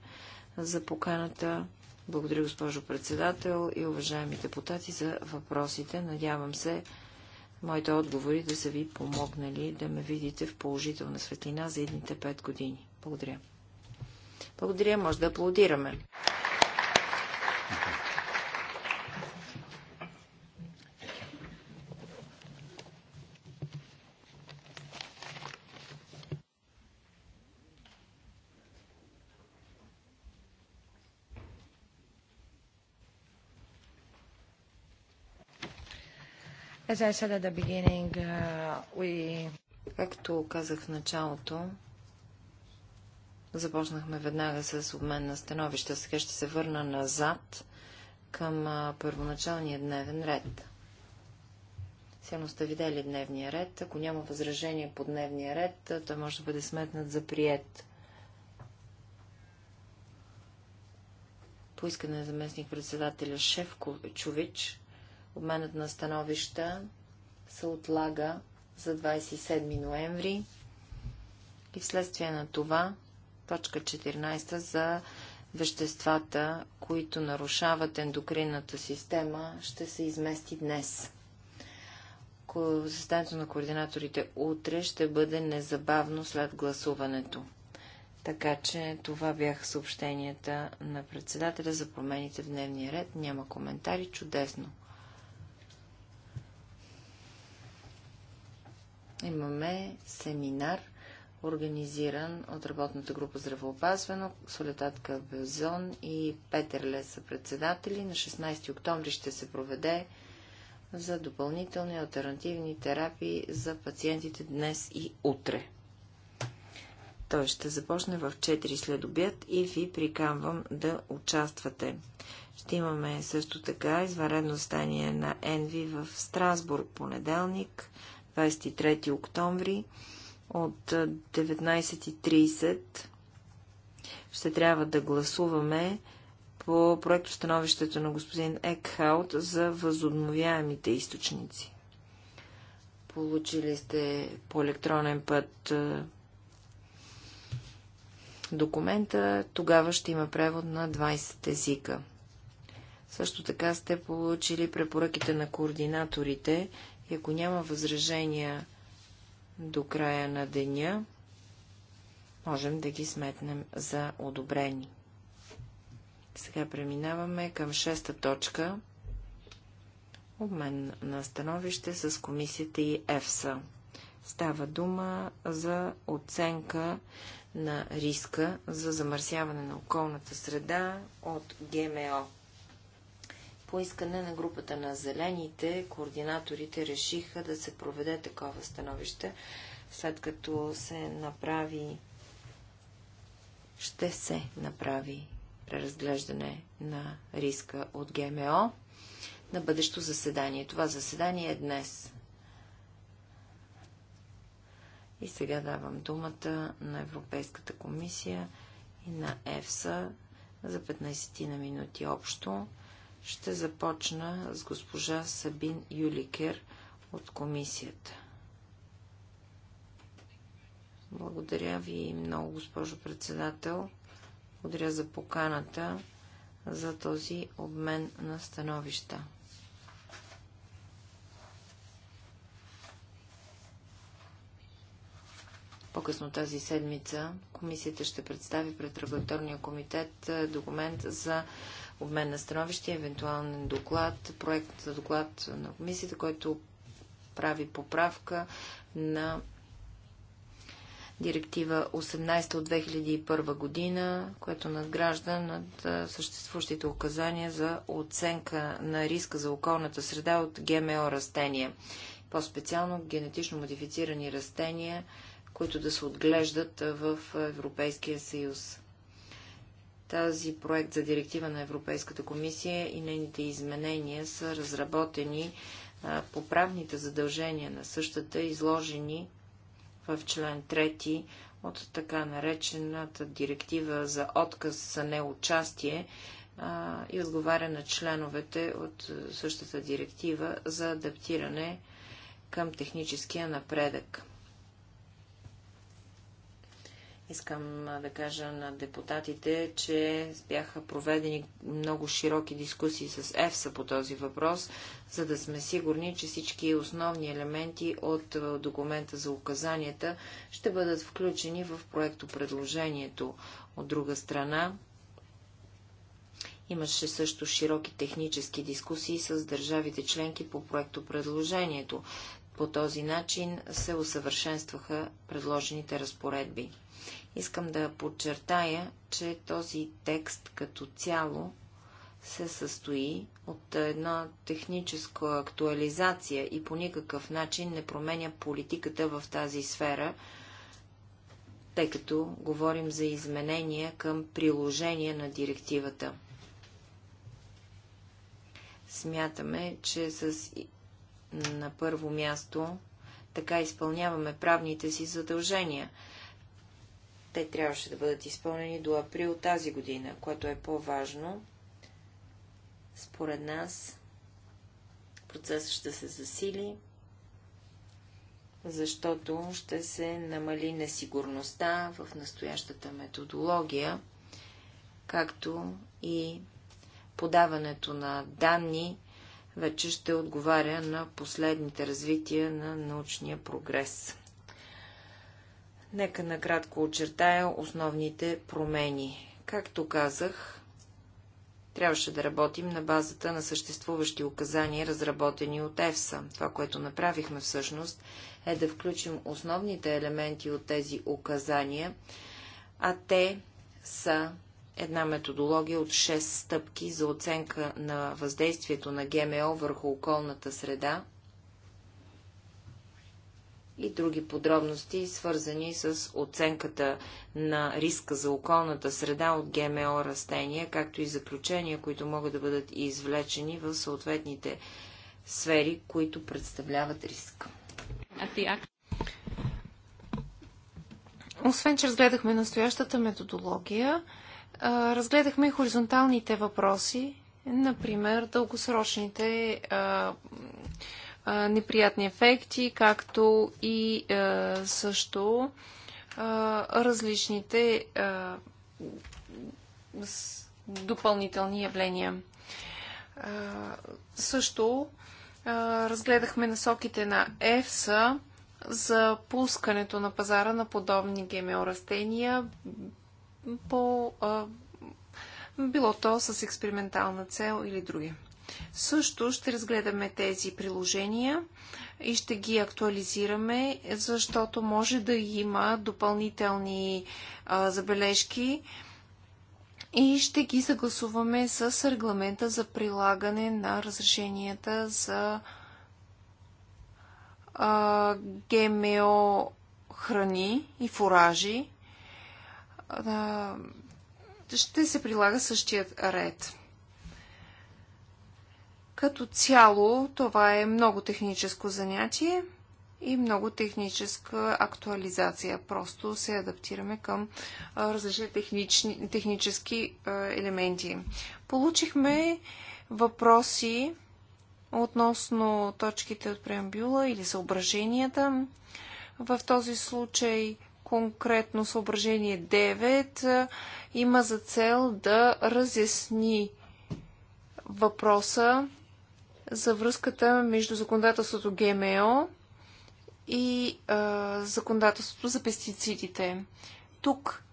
за поканата. Благодаря, госпожо председател и уважаеми депутати за въпросите. Надявам се моите отговори да са ви помогнали да ме видите в положителна светлина за едните пет години. Благодаря. Благодаря, може да аплодираме. Beginning, uh, we... Както казах в началото, започнахме веднага с обмен на становища. Сега ще се върна назад към първоначалния дневен ред. Сега сте видели дневния ред. Ако няма възражение по дневния ред, той може да бъде сметнат за прият. Поискане на заместник председателя Шеф Обменът на становища се отлага за 27 ноември и вследствие на това точка 14 за веществата, които нарушават ендокринната система, ще се измести днес. Заседанието на координаторите утре ще бъде незабавно след гласуването. Така че това бяха съобщенията на председателя за промените в дневния ред. Няма коментари. Чудесно! имаме семинар, организиран от работната група Здравеопазване, Солетатка Кабезон и Петър леса са председатели. На 16 октомври ще се проведе за допълнителни альтернативни терапии за пациентите днес и утре. Той ще започне в 4 след обяд и ви приканвам да участвате. Ще имаме също така изваредно стание на Енви в Страсбург понеделник 23 октомври от 19.30 ще трябва да гласуваме по становището на господин Екхаут за възобновяемите източници. Получили сте по електронен път е, документа, тогава ще има превод на 20 езика. Също така сте получили препоръките на координаторите и ако няма възражения до края на деня, можем да ги сметнем за одобрени. Сега преминаваме към шеста точка. Обмен на становище с комисията и ЕФСА. Става дума за оценка на риска за замърсяване на околната среда от ГМО. По искане на групата на зелените, координаторите решиха да се проведе такова становище, след като се направи, ще се направи преразглеждане на риска от ГМО на бъдещо заседание. Това заседание е днес. И сега давам думата на Европейската комисия и на ЕФСА за 15 на минути общо, ще започна с госпожа Сабин Юликер от комисията. Благодаря ви много, госпожо председател. Благодаря за поканата за този обмен на становища. По-късно тази седмица комисията ще представи пред регуляторния комитет е, документ за обмен на становище, евентуален доклад, проект за доклад на комисията, който прави поправка на директива 18 от 2001 година, което надгражда над съществуващите указания за оценка на риска за околната среда от ГМО растения. По-специално генетично модифицирани растения, които да се отглеждат в Европейския съюз. Тази проект за директива на Европейската комисия и нейните изменения са разработени по правните задължения на същата, изложени в член 3 от така наречената директива за отказ за неучастие и отговаря на членовете от същата директива за адаптиране към техническия напредък. Искам да кажа на депутатите, че бяха проведени много широки дискусии с ЕФСА по този въпрос, за да сме сигурни, че всички основни елементи от документа за указанията ще бъдат включени в проекто предложението. От друга страна, Имаше също широки технически дискусии с държавите членки по проекто предложението. По този начин се усъвършенстваха предложените разпоредби. Искам да подчертая, че този текст като цяло се състои от една техническа актуализация и по никакъв начин не променя политиката в тази сфера, тъй като говорим за изменения към приложение на директивата. Смятаме, че с на първо място, така изпълняваме правните си задължения. Те трябваше да бъдат изпълнени до април тази година, което е по-важно. Според нас процесът ще се засили, защото ще се намали несигурността в настоящата методология, както и подаването на данни вече ще отговаря на последните развития на научния прогрес. Нека накратко очертая основните промени. Както казах, трябваше да работим на базата на съществуващи указания, разработени от ЕФСА. Това, което направихме всъщност, е да включим основните елементи от тези указания, а те са една методология от 6 стъпки за оценка на въздействието на ГМО върху околната среда и други подробности, свързани с оценката на риска за околната среда от ГМО растения, както и заключения, които могат да бъдат извлечени в съответните сфери, които представляват риск. Освен, че разгледахме настоящата методология, разгледахме хоризонталните въпроси, например дългосрочните а, а, неприятни ефекти, както и а, също различните допълнителни явления. Също разгледахме насоките на ЕФСА за пускането на пазара на подобни растения, по а, било то с експериментална цел или други. Също ще разгледаме тези приложения и ще ги актуализираме, защото може да има допълнителни а, забележки и ще ги съгласуваме с регламента за прилагане на разрешенията за а, ГМО храни и фуражи, ще се прилага същият ред. Като цяло, това е много техническо занятие и много техническа актуализация. Просто се адаптираме към различни технични, технически елементи. Получихме въпроси относно точките от преамбюла или съображенията. В този случай Конкретно съображение 9 има за цел да разясни въпроса за връзката между законодателството ГМО и а, законодателството за пестицидите. Тук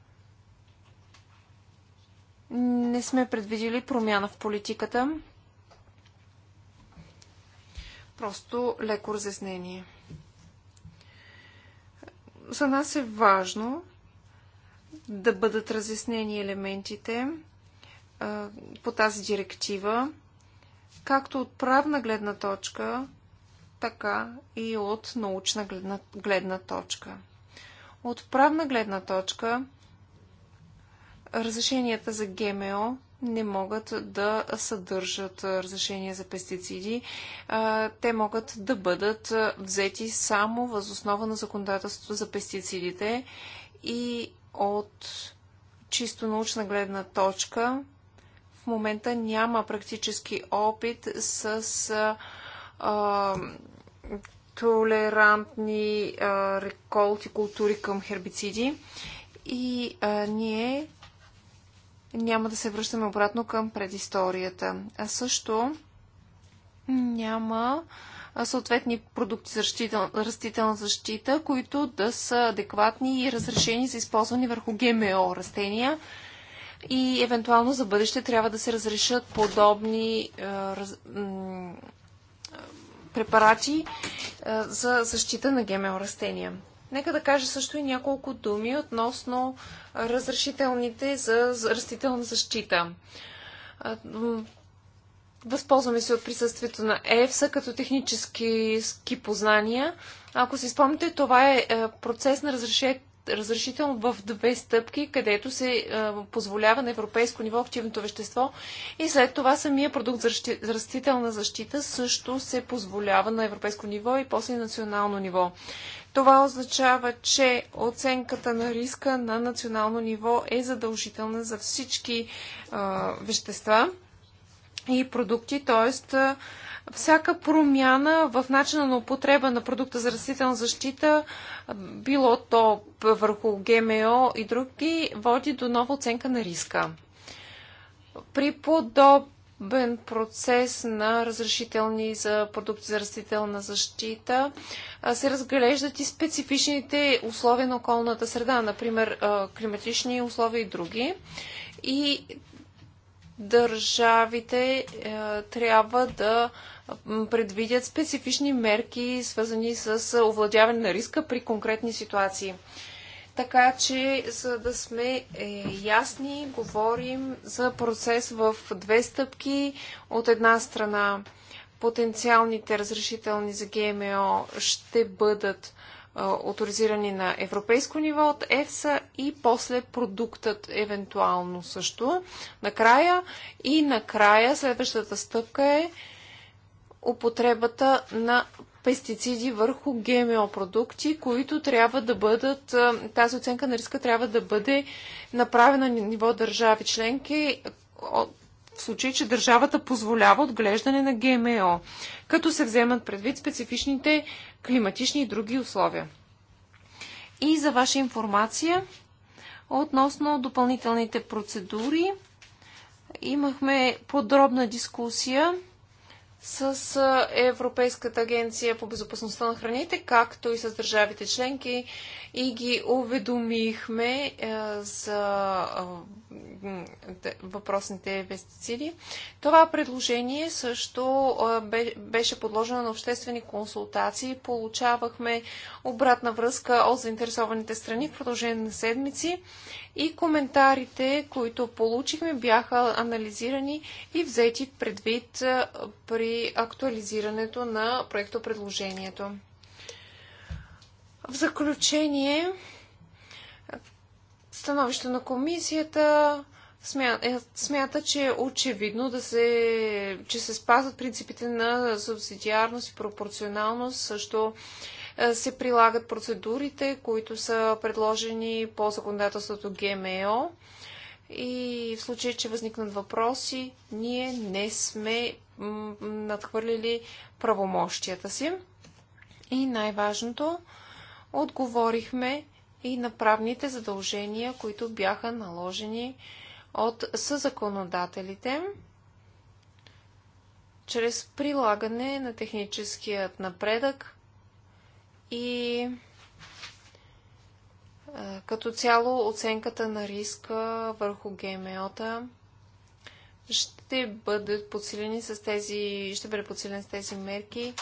не сме предвидили промяна в политиката. Просто леко разяснение за нас е важно да бъдат разяснени елементите а, по тази директива, както от правна гледна точка, така и от научна гледна, гледна точка. От правна гледна точка, разрешенията за ГМО не могат да съдържат разрешение за пестициди. Те могат да бъдат взети само възоснова на законодателството за пестицидите и от чисто научна гледна точка в момента няма практически опит с а, толерантни а, реколти култури към хербициди и а, ние няма да се връщаме обратно към предисторията. А също няма съответни продукти за растителна защита, които да са адекватни и разрешени за използване върху ГМО растения. И евентуално за бъдеще трябва да се разрешат подобни препарати за защита на ГМО растения. Нека да кажа също и няколко думи относно разрешителните за растителна защита. Възползваме се от присъствието на ЕФСА като технически познания. Ако си спомните, това е, е процес на разрешение разрешително в две стъпки, където се позволява на европейско ниво активното вещество и след това самия продукт за растителна защита също се позволява на европейско ниво и после национално ниво. Това означава, че оценката на риска на национално ниво е задължителна за всички а, вещества и продукти, т.е всяка промяна в начина на употреба на продукта за растителна защита, било то върху ГМО и други, води до нова оценка на риска. При подобен процес на разрешителни за продукти за растителна защита се разглеждат и специфичните условия на околната среда, например климатични условия и други. И държавите е, трябва да предвидят специфични мерки, свързани с овладяване на риска при конкретни ситуации. Така че, за да сме е, ясни, говорим за процес в две стъпки. От една страна, потенциалните разрешителни за ГМО ще бъдат авторизирани на европейско ниво от ЕФСА и после продуктът евентуално също накрая. И накрая следващата стъпка е употребата на пестициди върху ГМО продукти, които трябва да бъдат, тази оценка на риска трябва да бъде направена на ниво държави членки, в случай, че държавата позволява отглеждане на ГМО, като се вземат предвид специфичните климатични и други условия. И за ваша информация относно допълнителните процедури, имахме подробна дискусия с Европейската агенция по безопасността на храните, както и с държавите членки и ги уведомихме за въпросните пестициди. Това предложение също беше подложено на обществени консултации. Получавахме обратна връзка от заинтересованите страни в продължение на седмици и коментарите, които получихме, бяха анализирани и взети предвид при актуализирането на проектопредложението. В заключение, становището на комисията е, смята, че е очевидно да се, че се спазват принципите на субсидиарност и пропорционалност, също е, се прилагат процедурите, които са предложени по законодателството ГМО. И в случай, че възникнат въпроси, ние не сме надхвърлили правомощията си. И най-важното, отговорихме и на правните задължения, които бяха наложени от съзаконодателите чрез прилагане на техническият напредък и като цяло оценката на риска върху ГМО-та ще бъдат подсилени с тези, ще бъде подсилен с тези мерки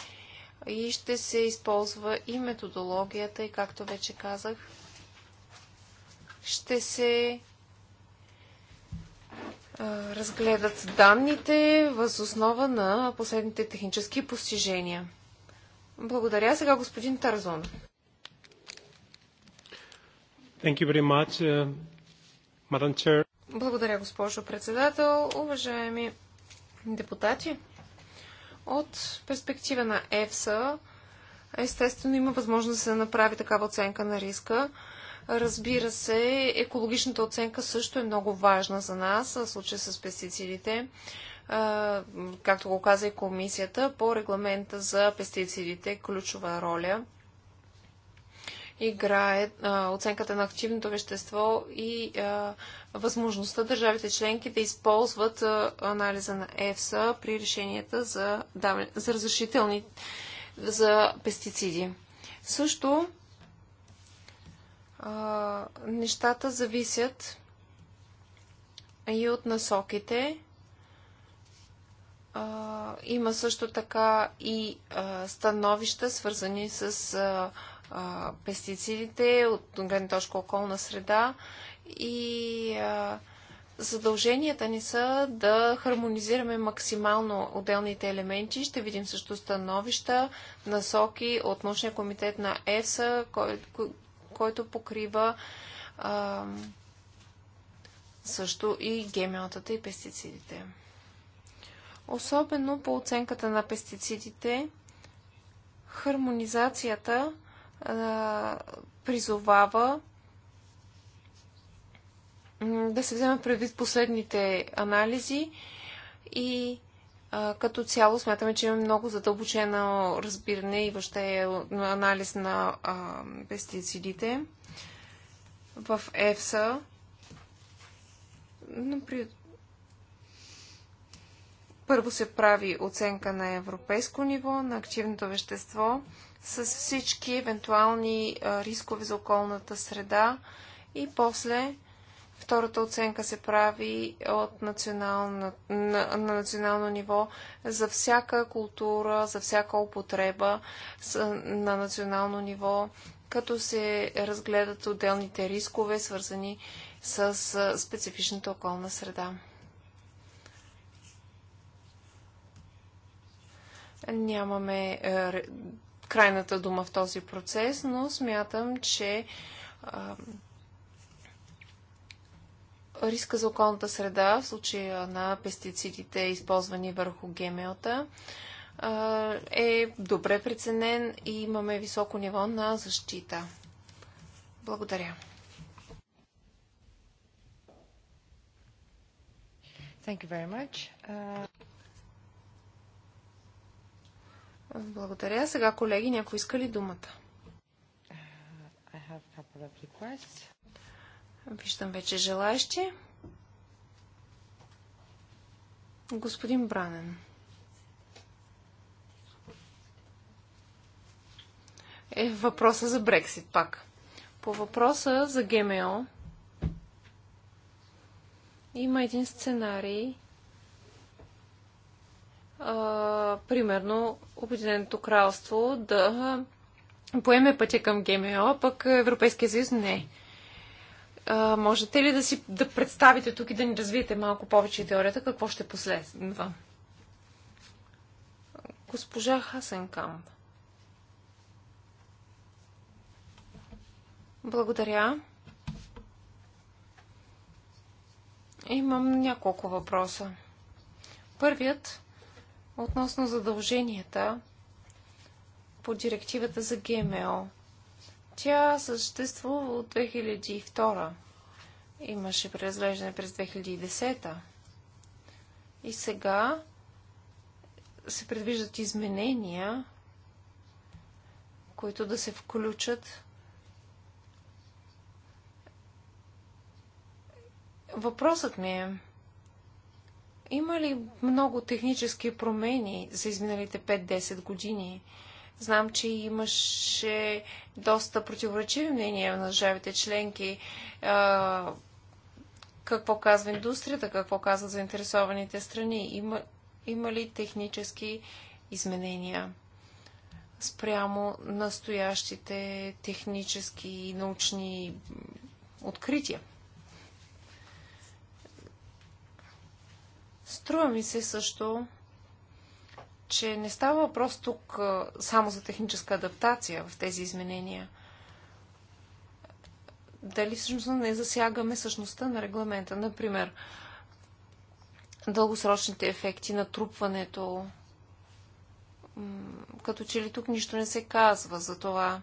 и ще се използва и методологията, и както вече казах, ще се разгледат данните въз основа на последните технически постижения. Благодаря. Сега господин Тарзон. Uh, Благодаря, госпожо председател. Уважаеми депутати, от перспектива на ЕФСА, естествено има възможност да се направи такава оценка на риска. Разбира се, екологичната оценка също е много важна за нас, в случая с пестицидите както го каза и комисията, по регламента за пестицидите ключова роля играе а, оценката на активното вещество и а, възможността държавите членки да използват а, анализа на ЕФСА при решенията за, за разрешителни за пестициди. Също а, нещата зависят и от насоките, а, има също така и а, становища, свързани с а, а, пестицидите от гледна точка околна среда и а, задълженията ни са да хармонизираме максимално отделните елементи. Ще видим също становища, насоки от научния комитет на ЕСА, кой, кой, който покрива а, също и гемиотата и пестицидите особено по оценката на пестицидите, хармонизацията призовава да се вземе предвид последните анализи и а, като цяло смятаме, че имаме много задълбочено разбиране и въобще е анализ на а, пестицидите в ЕФСА. При първо се прави оценка на европейско ниво на активното вещество с всички евентуални рискове за околната среда и после втората оценка се прави от национално, на, на национално ниво за всяка култура, за всяка употреба на национално ниво, като се разгледат отделните рискове, свързани с специфичната околна среда. Нямаме е, крайната дума в този процес, но смятам, че е, риска за околната среда в случая на пестицидите, използвани върху ГМО-та, е добре преценен и имаме високо ниво на защита. Благодаря. Uh... Благодаря. Сега, колеги, някой иска ли думата? Виждам вече желаещи. Господин Бранен. Е въпроса за Брексит пак. По въпроса за ГМО има един сценарий, а, примерно Обединеното кралство да поеме пътя към ГМО, пък Европейския съюз не. А, можете ли да си да представите тук и да ни развиете малко повече теорията, какво ще последва? Госпожа Хасенкам, Благодаря. Имам няколко въпроса. Първият Относно задълженията по директивата за ГМО. Тя съществува от 2002. Имаше преразглеждане през 2010. И сега се предвиждат изменения, които да се включат Въпросът ми е, има ли много технически промени за изминалите 5-10 години? Знам, че имаше доста противоречиви мнения на държавите членки. А, какво казва индустрията, какво казват заинтересованите страни? Има, има ли технически изменения спрямо настоящите технически и научни открития? Струва ми се също, че не става въпрос тук само за техническа адаптация в тези изменения. Дали всъщност не засягаме същността на регламента? Например, дългосрочните ефекти, натрупването. Като че ли тук нищо не се казва за това.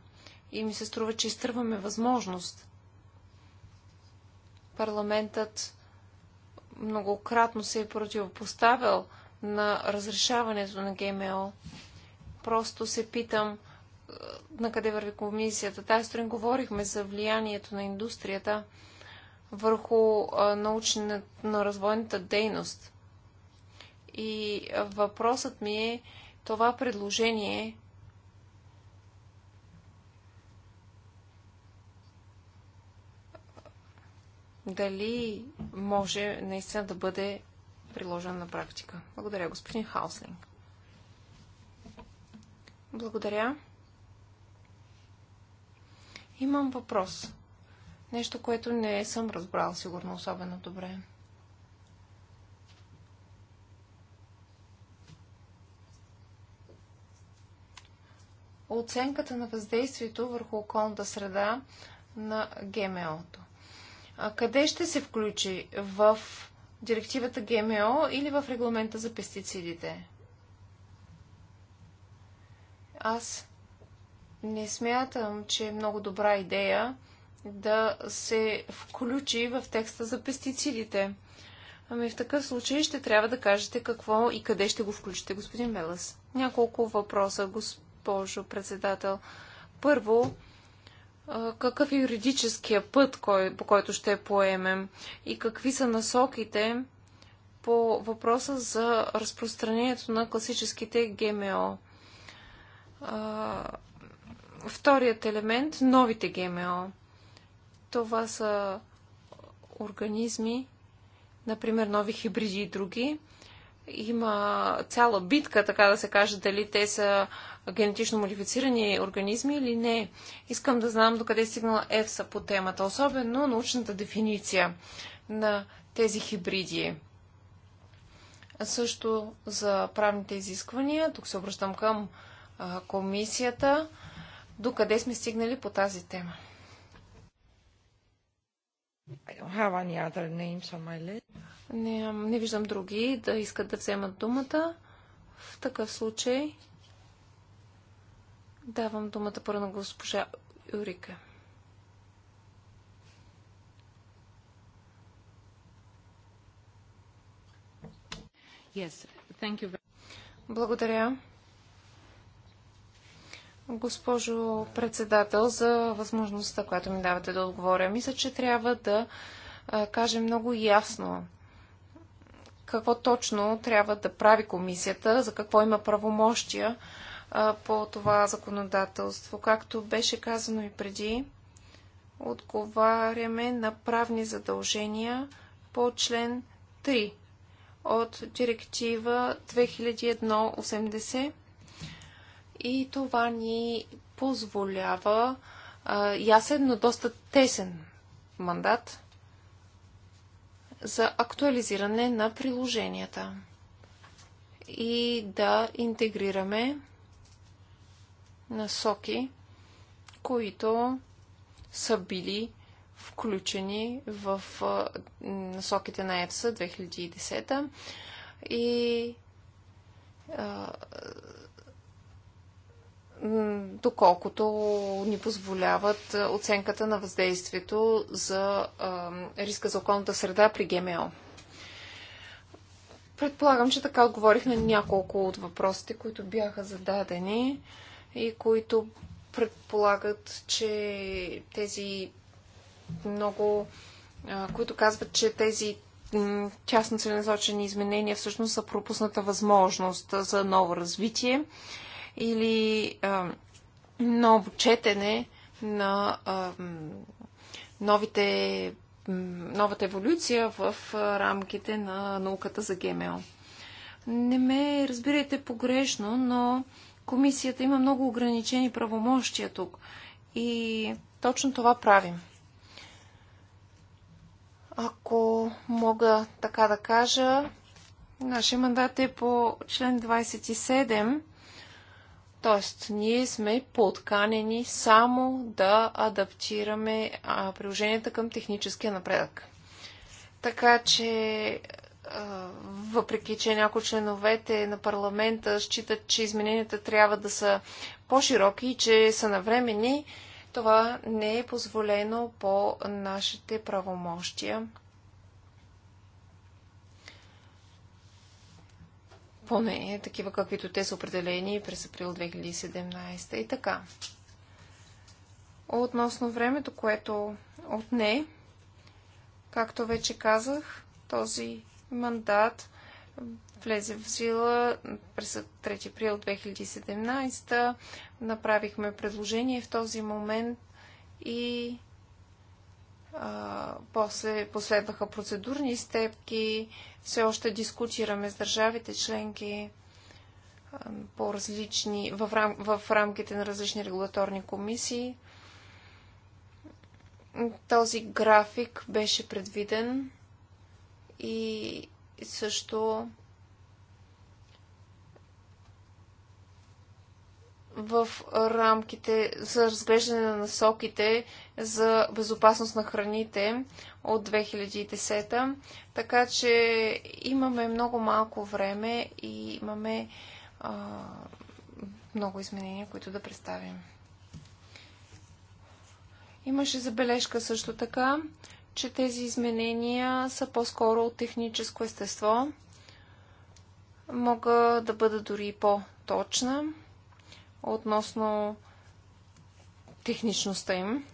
И ми се струва, че изтърваме възможност. Парламентът многократно се е противопоставял на разрешаването на ГМО. Просто се питам е, на къде върви комисията. Тази сутрин говорихме за влиянието на индустрията върху е, на развойната дейност. И въпросът ми е това предложение дали може наистина да бъде приложена на практика. Благодаря, господин Хауслинг. Благодаря. Имам въпрос. Нещо, което не съм разбрал сигурно особено добре. Оценката на въздействието върху околната среда на ГМО-то. А къде ще се включи? В директивата ГМО или в регламента за пестицидите? Аз не смятам, че е много добра идея да се включи в текста за пестицидите. Ами в такъв случай ще трябва да кажете какво и къде ще го включите, господин Мелас. Няколко въпроса, госпожо председател. Първо, какъв е юридическия път, кой, по който ще поемем и какви са насоките по въпроса за разпространението на класическите ГМО. вторият елемент новите ГМО. Това са организми, например, нови хибриди и други. Има цяла битка, така да се каже, дали те са генетично модифицирани организми или не. Искам да знам докъде е стигнала ЕФСА по темата, особено научната дефиниция на тези хибриди. също за правните изисквания, тук се обръщам към комисията, комисията, докъде сме стигнали по тази тема. Не, не виждам други да искат да вземат думата. В такъв случай Давам думата първо на госпожа Юрика. Yes, thank you. Благодаря. Госпожо председател, за възможността, която ми давате да отговоря. Мисля, че трябва да кажем много ясно какво точно трябва да прави комисията, за какво има правомощия по това законодателство. Както беше казано и преди, отговаряме на правни задължения по член 3 от директива 2001-80 и това ни позволява а, ясен, но доста тесен мандат за актуализиране на приложенията и да интегрираме насоки, които са били включени в насоките на ЕФСА 2010 и а, доколкото ни позволяват оценката на въздействието за а, риска за околната среда при ГМО. Предполагам, че така отговорих на няколко от въпросите, които бяха зададени и които предполагат, че тези много, които казват, че тези тясно целенасочени изменения всъщност са пропусната възможност за ново развитие или ново четене на новите, новата еволюция в рамките на науката за ГМО. Не ме разбирайте погрешно, но комисията има много ограничени правомощия тук. И точно това правим. Ако мога така да кажа, нашия мандат е по член 27, т.е. ние сме подканени само да адаптираме приложенията към техническия напредък. Така че въпреки че някои членовете на парламента считат, че измененията трябва да са по-широки и че са навремени, това не е позволено по нашите правомощия. Поне такива, каквито те са определени през април 2017 и така. Относно времето, което отне, както вече казах, този мандат влезе в сила през 3 април 2017. Направихме предложение в този момент и а, после последваха процедурни степки. Все още дискутираме с държавите членки а, по различни, в, рам, в рамките на различни регулаторни комисии. Този график беше предвиден и също в рамките за разглеждане на насоките за безопасност на храните от 2010. Така че имаме много малко време и имаме а, много изменения, които да представим. Имаше забележка също така че тези изменения са по-скоро от техническо естество. Мога да бъда дори по-точна относно техничността им.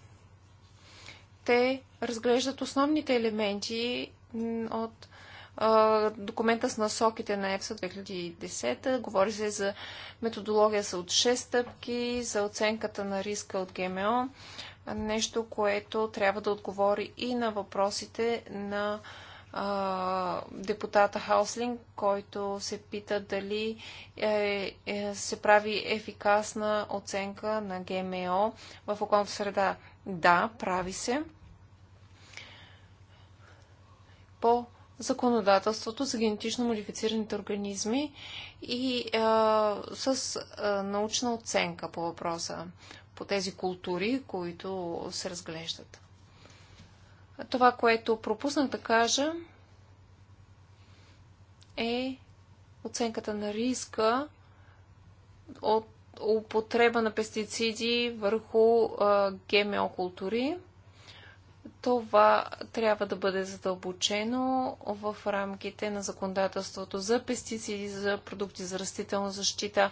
Те разглеждат основните елементи от а, документа с насоките на ЕФСА 2010. Говори се за методология за от 6 стъпки, за оценката на риска от ГМО, нещо, което трябва да отговори и на въпросите на а, депутата Хауслинг, който се пита дали е, е, се прави ефикасна оценка на ГМО в околната среда. Да, прави се. По законодателството за генетично модифицираните организми и а, с а, научна оценка по въпроса по тези култури, които се разглеждат. Това, което пропуснах да кажа, е оценката на риска от употреба на пестициди върху ГМО култури. Това трябва да бъде задълбочено в рамките на законодателството за пестициди, за продукти за растителна защита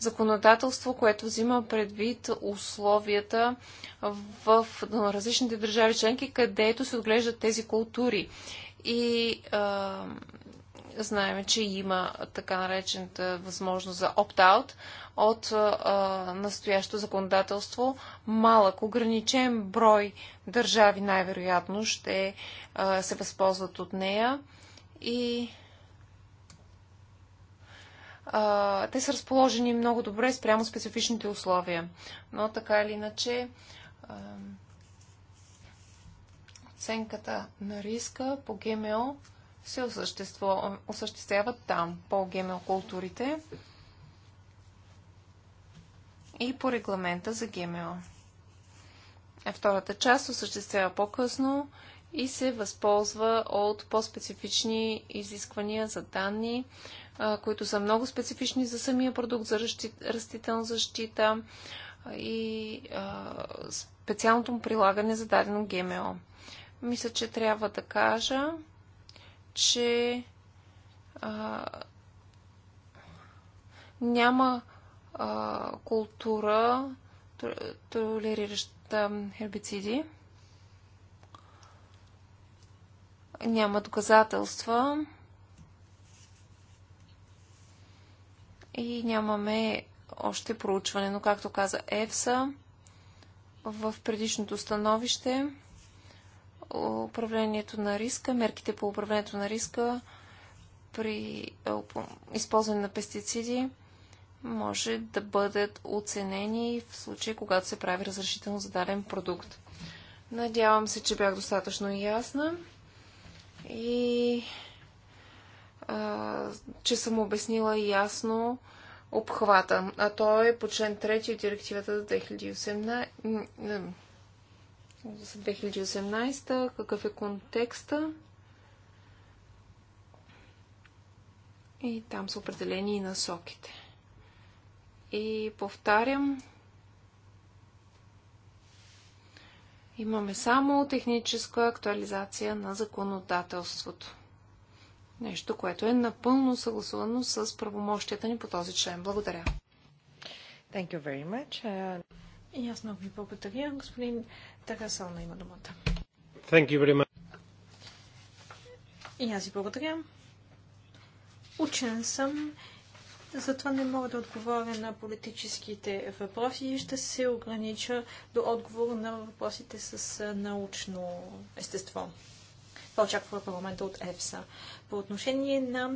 законодателство, което взима предвид условията в различните държави членки, където се отглеждат тези култури. И а, знаем, че има така наречената възможност за опт-аут от а, настоящо законодателство. Малък, ограничен брой държави най-вероятно ще а, се възползват от нея. И те са разположени много добре спрямо специфичните условия. Но така или иначе, а, оценката на риска по ГМО се осъществява, там, по ГМО културите и по регламента за ГМО. А втората част осъществява по-късно и се възползва от по-специфични изисквания за данни, които са много специфични за самия продукт, за растителна защита и специалното му прилагане за дадено ГМО. Мисля, че трябва да кажа, че а, няма а, култура, толерираща хербициди. Няма доказателства и нямаме още проучване. Но както каза ЕФСА, в предишното становище управлението на риска, мерките по управлението на риска при е, използване на пестициди може да бъдат оценени в случай, когато се прави разрешително за даден продукт. Надявам се, че бях достатъчно ясна и че съм обяснила ясно обхвата, а то е по член 3 от директивата за 2018, какъв е контекста. И там са определени и насоките. И повтарям, имаме само техническа актуализация на законодателството. Нещо, което е напълно съгласувано с правомощията ни по този член. Благодаря. Thank you very much. Uh... И аз много ви благодаря. Господин Тарасална има думата. Thank you very much. И аз ви благодаря. Учен съм, затова не мога да отговоря на политическите въпроси и ще се огранича до отговор на въпросите с научно естество. Това очаква парламента от ЕФСА. По отношение на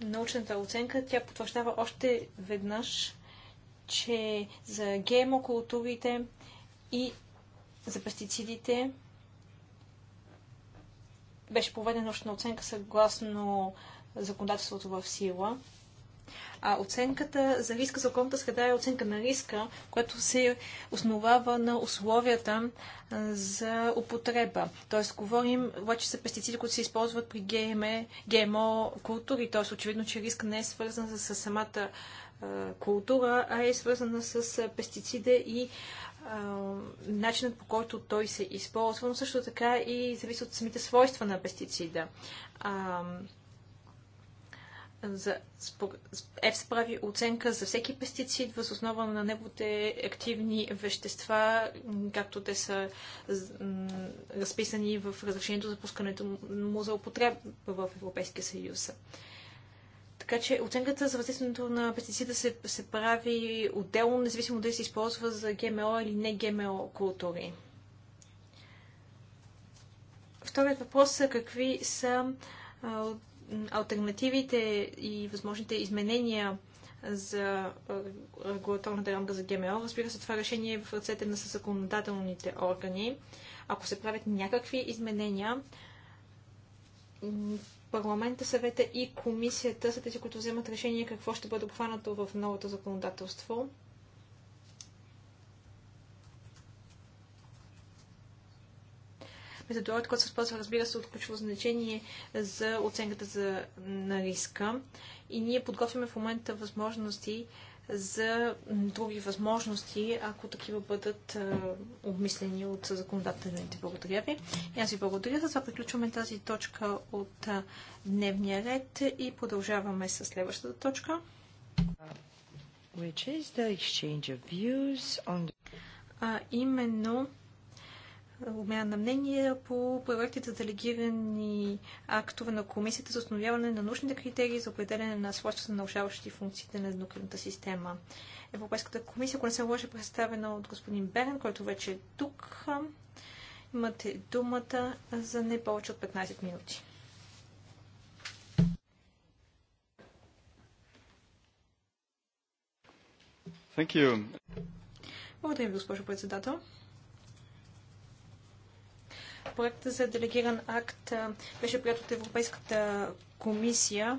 научната оценка, тя потвърждава още веднъж, че за ГМО културите и за пестицидите беше проведена научна оценка съгласно законодателството в сила. А оценката за риска за околната среда е оценка на риска, която се основава на условията за употреба. Тоест, говорим обаче са пестициди, които се използват при ГМО култури. Тоест, очевидно, че риска не е свързан с самата култура, а е свързана с пестицида и начинът по който той се използва, но също така и зависи от самите свойства на пестицида. А, за, се прави оценка за всеки пестицид въз основа на неговите активни вещества, както те са разписани в разрешението за пускането му за употреба в Европейския съюз. Така че оценката за въздействието на пестицида се, се прави отделно, независимо дали се използва за ГМО или не ГМО култури. Вторият въпрос е какви са альтернативите и възможните изменения за регулаторната рамка за ГМО. Разбира се, това решение е в ръцете на законодателните органи. Ако се правят някакви изменения, парламента, съвета и комисията са тези, които вземат решение какво ще бъде обхванато в новото законодателство. методологията, която се използва, разбира се, от ключово значение за оценката за, на риска. И ние подготвяме в момента възможности за други възможности, ако такива бъдат а, обмислени от законодателните. Благодаря ви. И аз ви благодаря. За това приключваме тази точка от а, дневния ред и продължаваме с следващата точка. Which is the exchange of views on the... А именно обмяна на мнение по проектите за делегирани актове на Комисията за установяване на научните критерии за определене на свойствата на нарушаващи функциите на еднократната система. Европейската комисия, ако не се лъжа, е представена от господин Берен, който вече е тук. Имате думата за не повече от 15 минути. Thank you. Благодаря ви, госпожо председател. Проектът за делегиран акт беше прият от Европейската комисия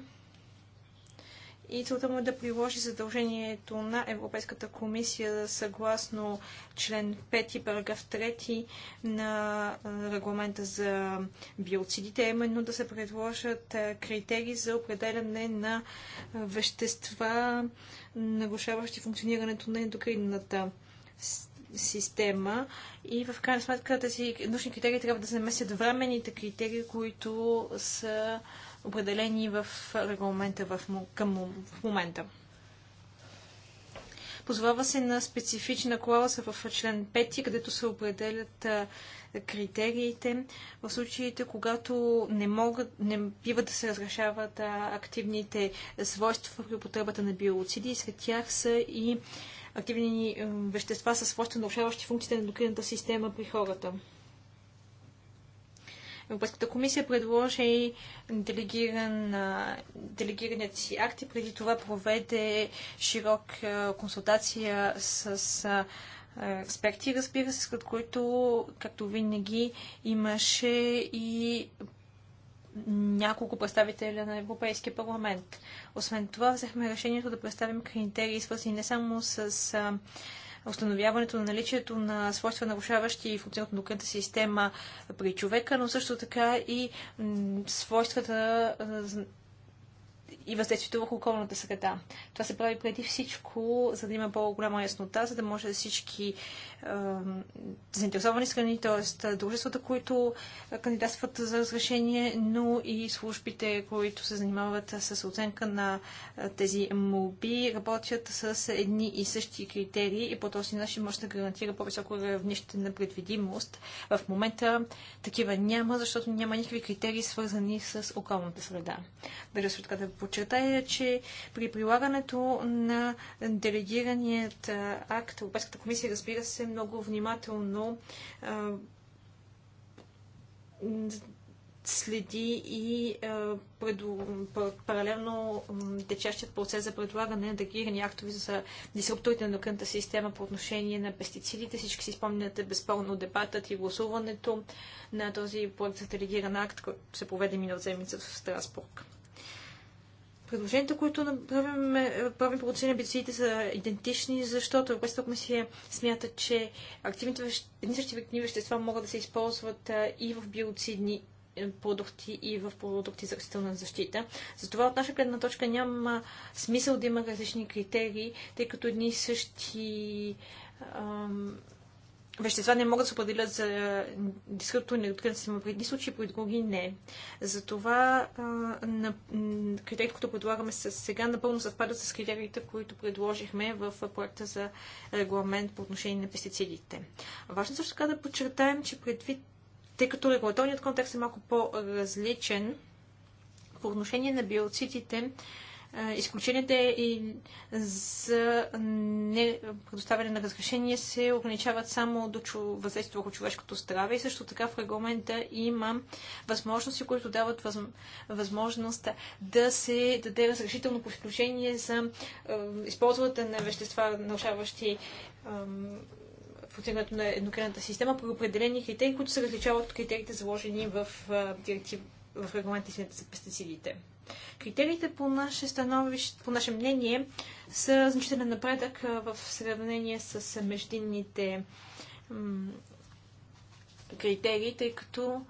и целта му е да приложи задължението на Европейската комисия съгласно член 5, параграф 3 на регламента за биоцидите, именно да се предложат критерии за определяне на вещества, нарушаващи функционирането на ендокринната система и в крайна сметка тези научни критерии трябва да замесят временните критерии, които са определени в регламента в, към, в момента. Позвава се на специфична клауза в член 5, където се определят критериите в случаите, когато не, могат, не бива да се разрешават активните свойства при употребата на биоциди. Сред тях са и активни вещества с властта, нарушаващи функциите на докрината система при хората. Европейската комисия предложи делегиран, делегираният си акт и преди това проведе широк консултация с експерти, разбира се, с които, както винаги, имаше и няколко представителя на Европейския парламент. Освен това, взехме решението да представим критерии, свързани не само с а, установяването на наличието на свойства, нарушаващи функционалната на докрънта система при човека, но също така и свойствата и въздействието върху околната среда. Това се прави преди всичко, за да има по-голяма яснота, за да може всички заинтересовани страни, т.е. дружествата, които кандидатстват за разрешение, но и службите, които се занимават с оценка на тези молби, работят с едни и същи критерии и по този начин може да гарантира по-високо равнище на предвидимост. В момента такива няма, защото няма никакви критерии, свързани с околната среда. Държа се така да подчертая, че при прилагането на делегираният акт Европейската комисия, разбира се, много внимателно следи и паралелно течащият процес за предлагане на дегирани актови за дисрупторите на кънта система по отношение на пестицидите. Всички си спомняте безспорно дебатът и гласуването на този проект за делегиран акт, който се поведе минал седмица в Страсбург. Предложенията, които направим, е, правим по отношение на бицидите са идентични, защото Европейската комисия смята, че активните вещества, активни вещества могат да се използват е, и в биоцидни е, продукти и в продукти за растителна защита. Затова от наша гледна точка няма смисъл да има различни критерии, тъй като едни и същи ам, вещества не могат да се определят за дискретно и система в едни случаи, при други не. Затова на, критериите, които предлагаме сега, напълно съвпадат с критериите, които предложихме в проекта за регламент по отношение на пестицидите. Важно също така да подчертаем, че предвид, тъй като регулаторният контекст е малко по-различен, по отношение на биоцидите, Изключенията и за не предоставяне на разрешение се ограничават само до въздействие върху човешкото здраве и също така в регламента има възможности, които дават възможност да се даде разрешително по изключение за използването на вещества, нарушаващи функционирането на еднократната система при определени критерии, които се различават от критериите заложени в, директив, в регламента за пестицидите. Критериите по наше становище, по наше мнение, са значителен напредък в сравнение с междинните критерии, тъй като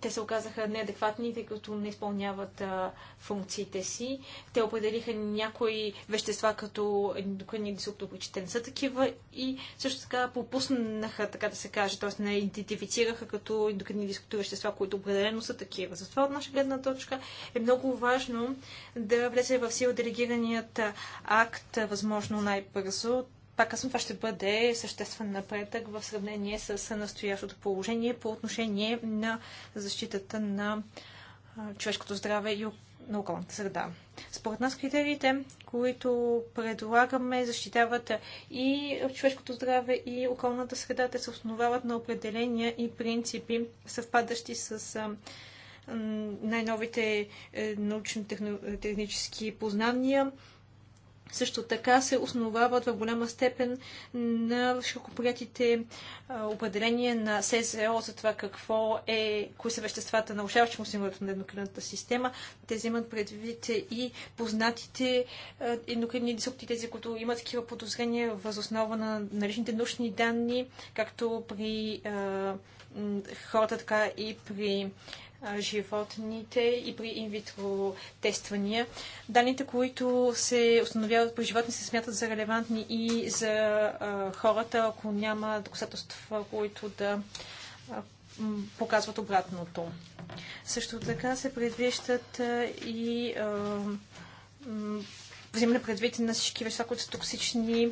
те се оказаха неадекватни, тъй като не изпълняват а, функциите си. Те определиха някои вещества като ендокринни дисруптори, че те не са такива и също така попуснаха, така да се каже, т.е. не идентифицираха като ендокринни дисруптори вещества, които определено са такива. Затова от наша гледна точка е много важно да влезе в сила делегираният акт, възможно най-бързо. Пак казвам, това ще бъде съществен напредък в сравнение с настоящото положение по отношение на защитата на човешкото здраве и на околната среда. Според нас критериите, които предлагаме, защитават и човешкото здраве и околната среда. Те се основават на определения и принципи, съвпадащи с най-новите е, научно-технически познания, също така се основават в голяма степен на широкоприятите определения на СЗО за това какво е, кои са веществата, на му символите на еднокринната система. Те вземат предвид и познатите еднокринни дисрупти, тези, които имат такива подозрения възоснова на наличните научни данни, както при а, хората, така и при животните и при инвитро тествания. Данните, които се установяват по животни, се смятат за релевантни и за а, хората, ако няма доказателства, които да а, показват обратното. Също така се предвиждат а, и взимане предвид на всички вещества, които са токсични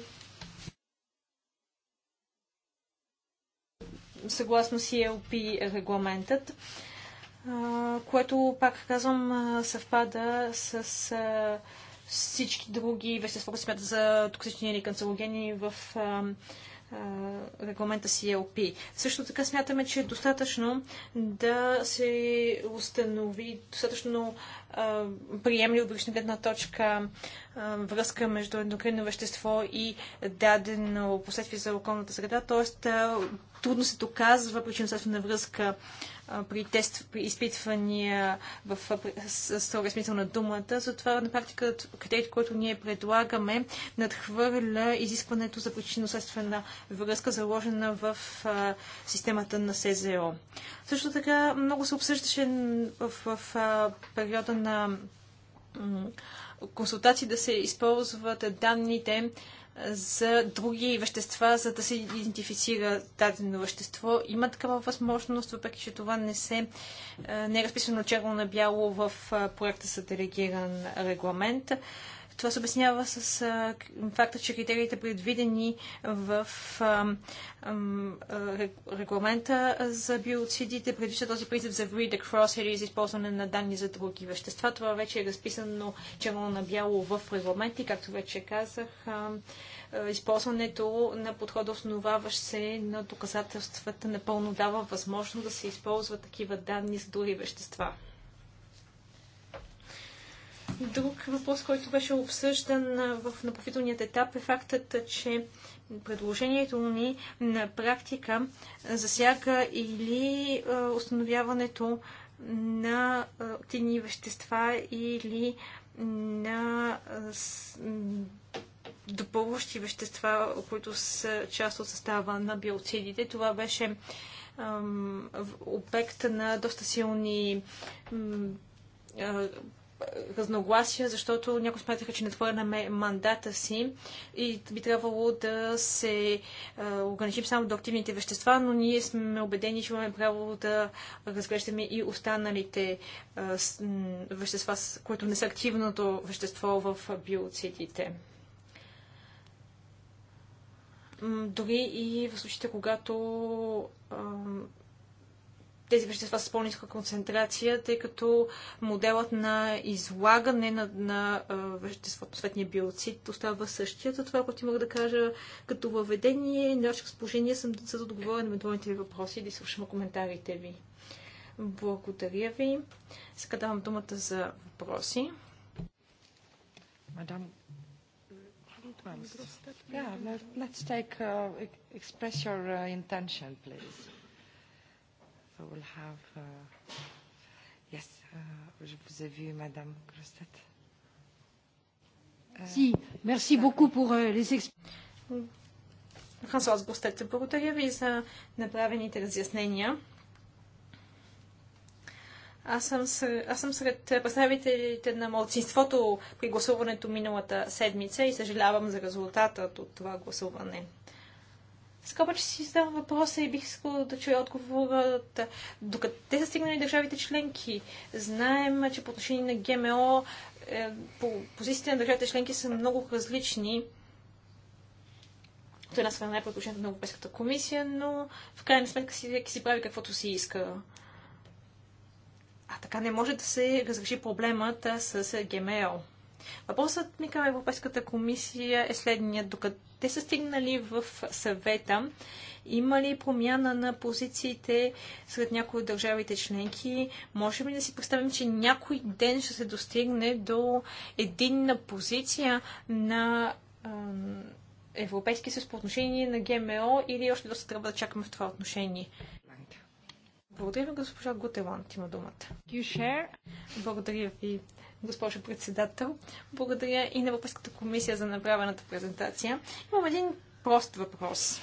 съгласно CLP регламентът което, пак казвам, съвпада с всички други вещества, които смятат за токсични или канцерогени в регламента CLP. Също така смятаме, че е достатъчно да се установи достатъчно а, приемли от лична гледна точка а, връзка между ендокринно вещество и дадено последствие за околната среда, т.е. трудно се доказва причинно-следствена връзка при, тест, при изпитвания в строга смисъл на думата. Затова на практика критерият, който ние предлагаме, надхвърля изискването за причинно-следствена връзка, заложена в а, системата на СЗО. Също така много се обсъждаше в, в, в а, периода на консултации да се използват данните за други вещества, за да се идентифицира дадено вещество. Има такава възможност, въпреки че това не, се, е, не е разписано черно на бяло в е, проекта за делегиран регламент. Това се обяснява с а, факта, че критериите предвидени в а, а, регламента за биоцидите предвижда този принцип за read across или за използване на данни за други вещества. Това вече е разписано черно на бяло в регламенти, както вече казах. А, използването на подхода, основаващ се на доказателствата, напълно дава възможност да се използват такива данни за други вещества. Друг въпрос, който беше обсъждан в напоителният етап е фактът, че предложението ни на практика засяга или установяването на тени вещества или на допълващи вещества, които са част от състава на биоцидите. Това беше обект на доста силни разногласия, защото някои смятаха, че не твърна мандата си и би трябвало да се ограничим само до активните вещества, но ние сме убедени, че имаме право да разглеждаме и останалите а, с, вещества, които не са активното вещество в биоцидите. Дори и в случаите, когато а, тези вещества с по-ниска концентрация, тъй като моделът на излагане на, на веществото, светния биоцид, остава същия. За това, което имах да кажа като въведение, на ваше разположение съм за да отговоря на медвоните ви въпроси и да слушам коментарите ви. Благодаря ви. Сега давам думата за въпроси. Мадам Yeah, let's take, uh, e-, express your uh, intention, please will have, uh, yes, uh, je vous ai vu, Madame Grosset. merci uh, beaucoup pour euh, les explications. Хансуаз благодаря ви за направените разяснения. Аз съм, сред, аз съм сред представителите на младсинството при гласуването миналата седмица и съжалявам за резултатът от това гласуване. Сега обаче си задавам въпроса и бих искала да чуя отговорът докъде са стигнали държавите членки. Знаем, че по отношение на ГМО е, по позициите на държавите членки са много различни. От е една страна е предложението на Европейската комисия, но в крайна сметка си, всеки си прави каквото си иска. А така не може да се разреши проблемата с е, ГМО. Въпросът ми към Европейската комисия е следният. те са стигнали в съвета? Има ли промяна на позициите сред някои от държавите членки? може ли да си представим, че някой ден ще се достигне до единна позиция на Европейския съюз по отношение на ГМО или още доста трябва да чакаме в това отношение? Благодаря ви, госпожа Гутеланд. Има думата. Благодаря ви, госпожо председател. Благодаря и на Европейската комисия за направената презентация. Имам един прост въпрос.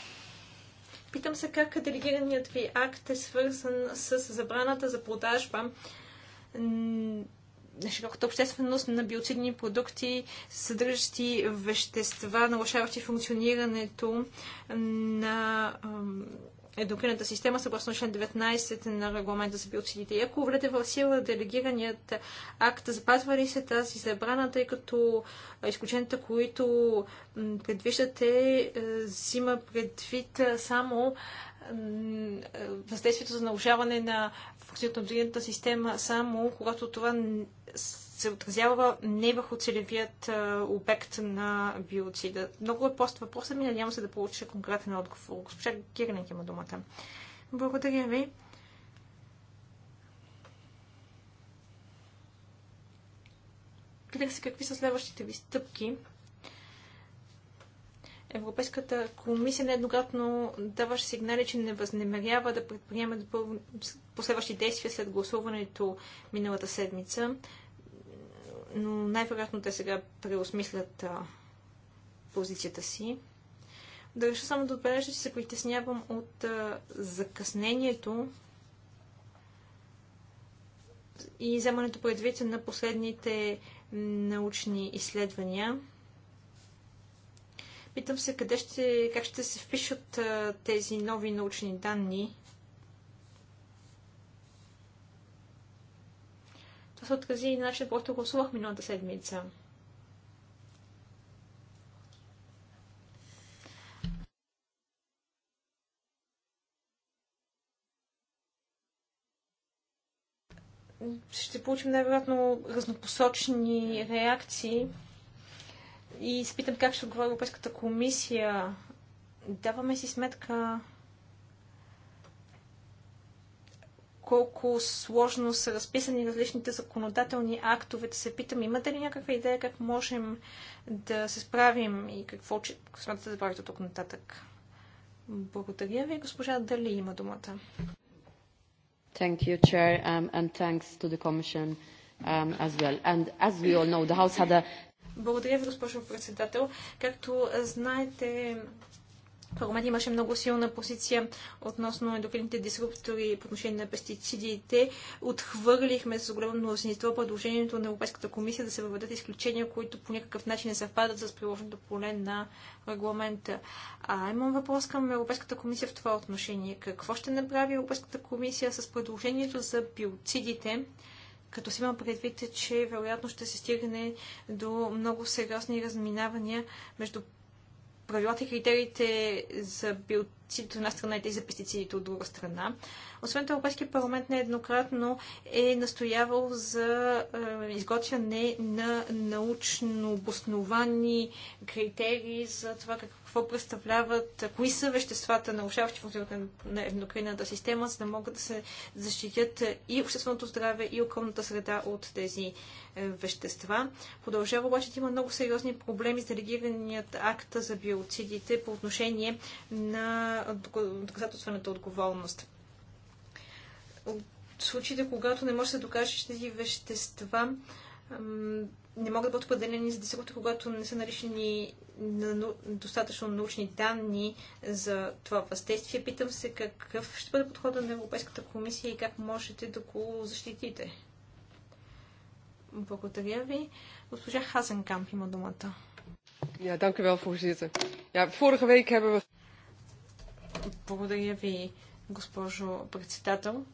Питам се как делегираният ви акт е свързан с забраната за продажба на широката общественост на биоцидни продукти, съдържащи вещества, нарушаващи функционирането на ендокринната система, съгласно член 19 на регламента за биоцидите. И ако влете в сила делегираният акт, запазва ли се тази забрана, тъй като изключенията, които предвиждате, е, взима предвид само е, въздействието за нарушаване на функционалната система само когато това се отразява не върху целевият обект на биоцида. Много е прост въпросът ми, надявам се да получа конкретен отговор. Госпожа Кирник има думата. Благодаря ви. Питах се какви са следващите ви стъпки. Европейската комисия нееднократно даваше сигнали, че не възнемерява да предприеме последващи действия след гласуването миналата седмица но най-вероятно те сега преосмислят а, позицията си. реша само да отбележа, че се притеснявам от а, закъснението и вземането предвид на последните научни изследвания. Питам се къде ще, как ще се впишат а, тези нови научни данни Това се откази и на начинът, който гласувах миналата седмица. ще получим най-вероятно разнопосочни реакции. И спитам как ще отговори Европейската комисия. Даваме си сметка колко сложно са разписани различните законодателни актове, да се питам, имате ли някаква идея как можем да се справим и какво смятате да правите тук нататък? Благодаря ви. Госпожа Дали има думата. Thank you, Chair, um, and thanks to the Commission um, as well. And as we all know, the House had a... Благодаря ви, госпожо председател. Както знаете, парламент имаше много силна позиция относно ендокринните дисруптори по отношение на пестицидите. Отхвърлихме с голямо мнозинство предложението на Европейската комисия да се въведат изключения, които по някакъв начин не съвпадат с приложеното поле на регламента. А имам въпрос към Европейската комисия в това отношение. Какво ще направи Европейската комисия с предложението за биоцидите? като си имам предвид, че вероятно ще се стигне до много сериозни разминавания между правилата и критериите за бил от една страна и тези за пестицидите от друга страна. Освен това, Европейския парламент нееднократно е настоявал за е, изготвяне на научно обосновани критерии за това какво представляват, кои са веществата, нарушаващи функционирането на еднокринната система, за да могат да се защитят и общественото здраве, и околната среда от тези е, вещества. Продължава обаче да има много сериозни проблеми с делегираният акт за биоцидите по отношение на доказателствената отговорност. От случаите, когато не може да се докаже, че тези вещества не могат да бъдат определени за десетилата, когато не са наричани на достатъчно научни данни за това въздействие. Питам се какъв ще бъде подходът на Европейската комисия и как можете да го защитите. Благодаря ви. Госпожа Хазенкамп има думата. Ja, dank u wel, voorzitter. Ja, vorige week hebben we... Благодаря ви, госпожо председател.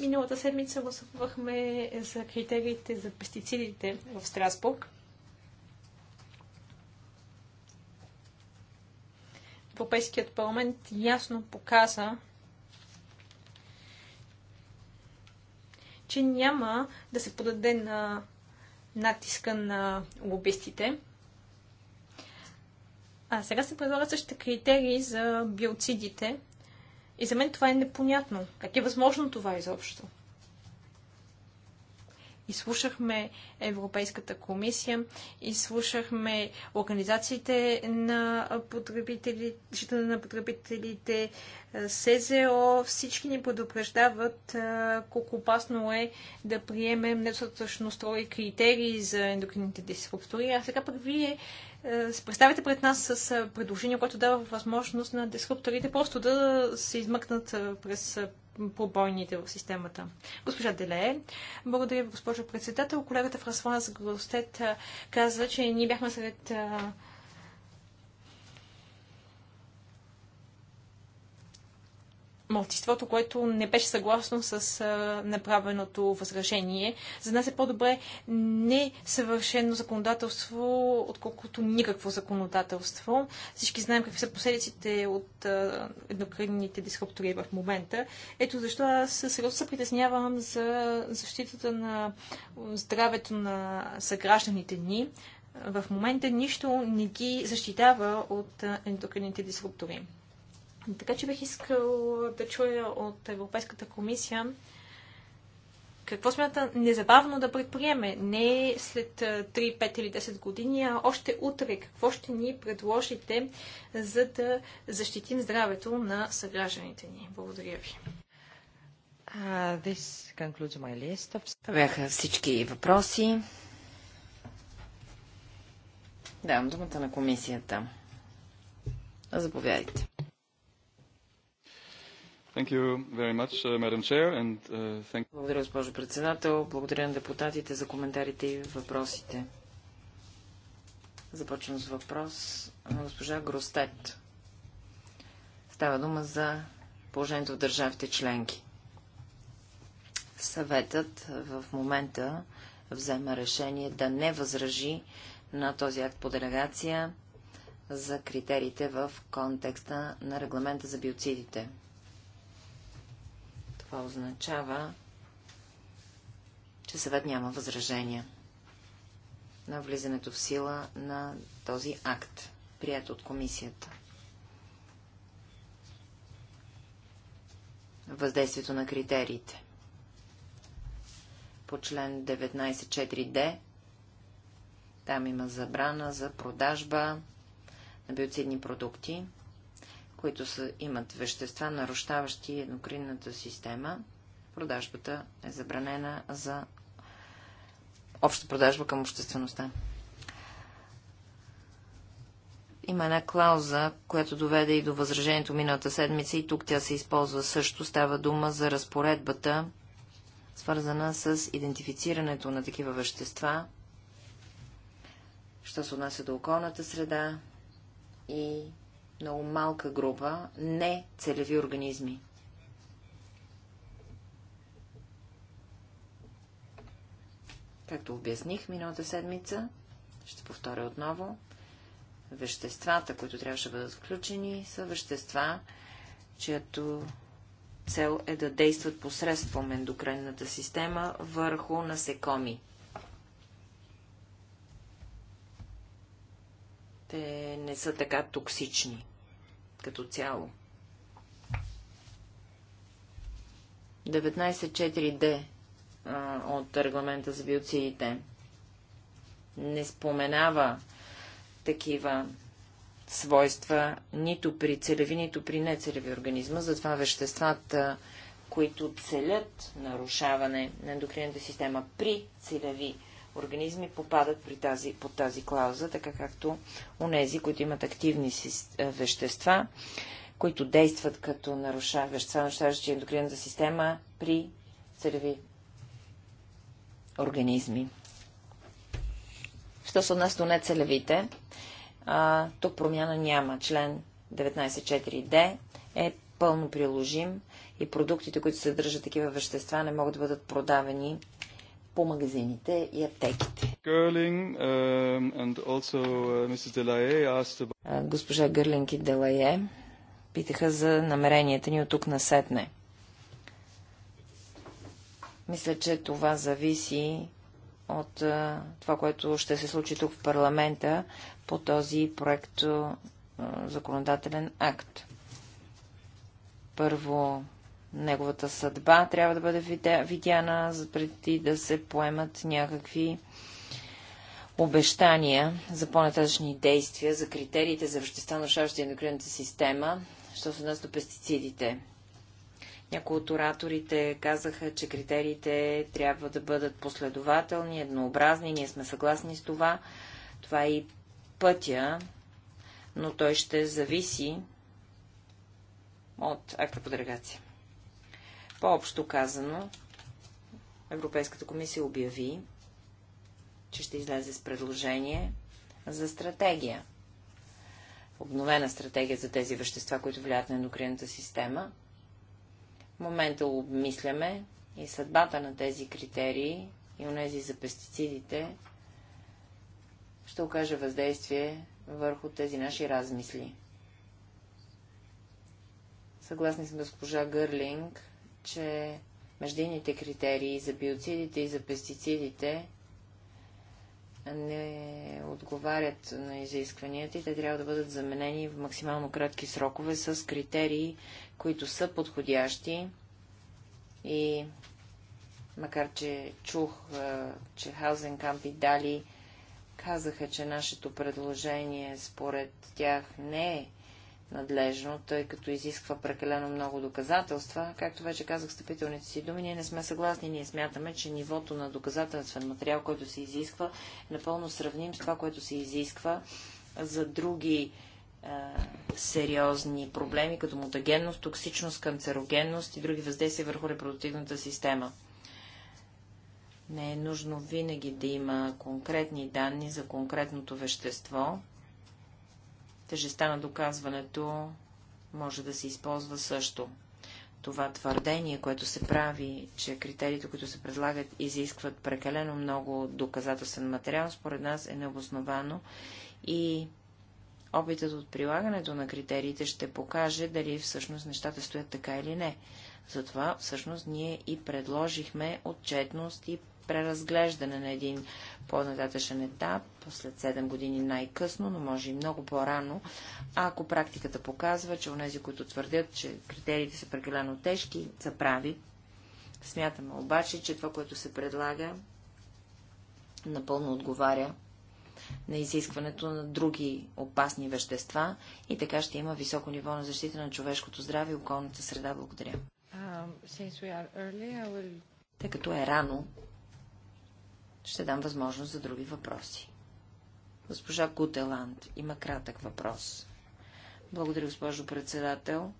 Миналата седмица гласувахме за критериите за пестицидите в Страсбург. Европейският парламент ясно показа, че няма да се подаде на натиска на лобистите. А сега се предлагат същите критерии за биоцидите. И за мен това е непонятно. Как е възможно това изобщо? изслушахме Европейската комисия, изслушахме организациите на потребителите, на потребителите, СЗО, всички ни предупреждават колко опасно е да приемем недостатъчно строи критерии за ендокрините дисруптори. А сега пък вие се представите пред нас с предложение, което дава възможност на дисрупторите просто да се измъкнат през пробойните в системата. Госпожа Делее, благодаря ви, госпожо председател. Колегата Франсуаз Гростет каза, че ние бяхме сред а, Мълчеството, което не беше съгласно с а, направеното възражение. За нас е по-добре несъвършено законодателство, отколкото никакво законодателство. Всички знаем какви са последиците от еднократните еднокринните дисруптори в момента. Ето защо аз сериозно се притеснявам за защитата на здравето на съгражданите ни. В момента нищо не ги защитава от ендокрините дисруптори. Така че бих искал да чуя от Европейската комисия какво смята незабавно да предприеме? Не след 3, 5 или 10 години, а още утре. Какво ще ни предложите, за да защитим здравето на съгражданите ни? Благодаря ви. Бяха всички въпроси. Давам думата на комисията. Заповядайте. Uh, uh, Благодаря, госпожо председател. Благодаря на депутатите за коментарите и въпросите. Започвам с въпрос на госпожа Гростет. Става дума за положението в държавите членки. Съветът в момента взема решение да не възражи на този акт по делегация за критериите в контекста на регламента за биоцидите. Това означава, че съвет няма възражения на влизането в сила на този акт, прият от комисията. Въздействието на критериите по член 19.4d. Там има забрана за продажба на биоцидни продукти които са, имат вещества, нарушаващи еднокринната система. Продажбата е забранена за обща продажба към обществеността. Има една клауза, която доведе и до възражението миналата седмица и тук тя се използва също. Става дума за разпоредбата, свързана с идентифицирането на такива вещества, що се отнася до околната среда и много малка група не целеви организми. Както обясних миналата седмица, ще повторя отново, веществата, които трябваше да бъдат включени, са вещества, чието цел е да действат посредством ендокринната система върху насекоми. те не са така токсични като цяло. 19.4d от регламента за биоцидите не споменава такива свойства нито при целеви, нито при нецелеви организма, затова веществата, които целят нарушаване на ендокринната система при целеви организми попадат при тази, под тази клауза, така както нези, които имат активни е, вещества, които действат като наруша, вещества, нарушаващи ендокринната система при целеви организми. Що се нас до нецелевите, а, тук промяна няма. Член 19.4d е пълно приложим и продуктите, които съдържат такива вещества, не могат да бъдат продавани по магазините и аптеките. Гърлинг, also, е, about... Е, госпожа Гърлинг и Делае питаха за намеренията ни от тук насетне. Мисля, че това зависи от е, това, което ще се случи тук в парламента по този проект законодателен акт. Първо Неговата съдба трябва да бъде видяна, за преди да се поемат някакви обещания за по-нататъчни действия, за критериите за вещества, нарушаващи ендокринната система, що се отнася до пестицидите. Някои от ораторите казаха, че критериите трябва да бъдат последователни, еднообразни. Ние сме съгласни с това. Това е и пътя, но той ще зависи от акта по делегация. По-общо казано, Европейската комисия обяви, че ще излезе с предложение за стратегия. Обновена стратегия за тези вещества, които влияят на ендокринната система. В момента обмисляме и съдбата на тези критерии и онези за пестицидите ще окаже въздействие върху тези наши размисли. Съгласни с госпожа Гърлинг, че междинните критерии за биоцидите и за пестицидите не отговарят на изискванията и те трябва да бъдат заменени в максимално кратки срокове с критерии, които са подходящи и макар, че чух, че Хаузенкамп и Дали казаха, че нашето предложение според тях не е надлежно, тъй като изисква прекалено много доказателства. Както вече казах стъпителните си думи, ние не сме съгласни. Ние смятаме, че нивото на доказателствен материал, който се изисква, е напълно сравним с това, което се изисква за други е, сериозни проблеми, като мутагенност, токсичност, канцерогенност и други въздействия върху репродуктивната система. Не е нужно винаги да има конкретни данни за конкретното вещество, Тежестта на доказването може да се използва също. Това твърдение, което се прави, че критериите, които се предлагат, изискват прекалено много доказателствен материал, според нас е необосновано и опитът от прилагането на критериите ще покаже дали всъщност нещата стоят така или не. Затова всъщност ние и предложихме отчетност и преразглеждане на един по-нататъчен етап, след 7 години най-късно, но може и много по-рано, ако практиката показва, че онези, които твърдят, че критериите са прекалено тежки, са прави. Смятаме обаче, че това, което се предлага, напълно отговаря на изискването на други опасни вещества и така ще има високо ниво на защита на човешкото здраве и околната среда. Благодаря. Um, early, will... Тъй като е рано, ще дам възможност за други въпроси. Госпожа Гутеланд има кратък въпрос. Благодаря, госпожо председател.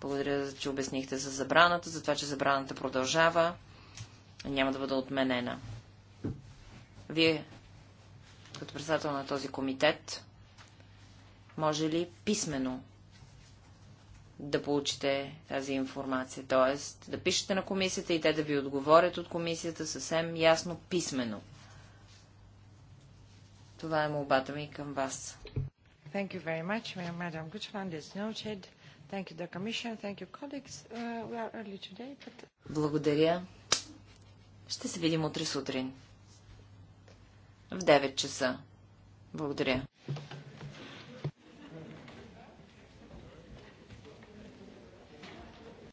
Благодаря, че обяснихте за забраната, за това, че забраната продължава няма да бъде отменена. Вие, като председател на този комитет, може ли писменно да получите тази информация. Тоест, да пишете на комисията и те да ви отговорят от комисията съвсем ясно писменно. Това е молбата ми към вас. Thank you very much, Madam noted. Thank you, the Commission. Thank you, colleagues. Uh, we are early today, but... Благодаря. Ще се видим утре сутрин. В 9 часа. Благодаря.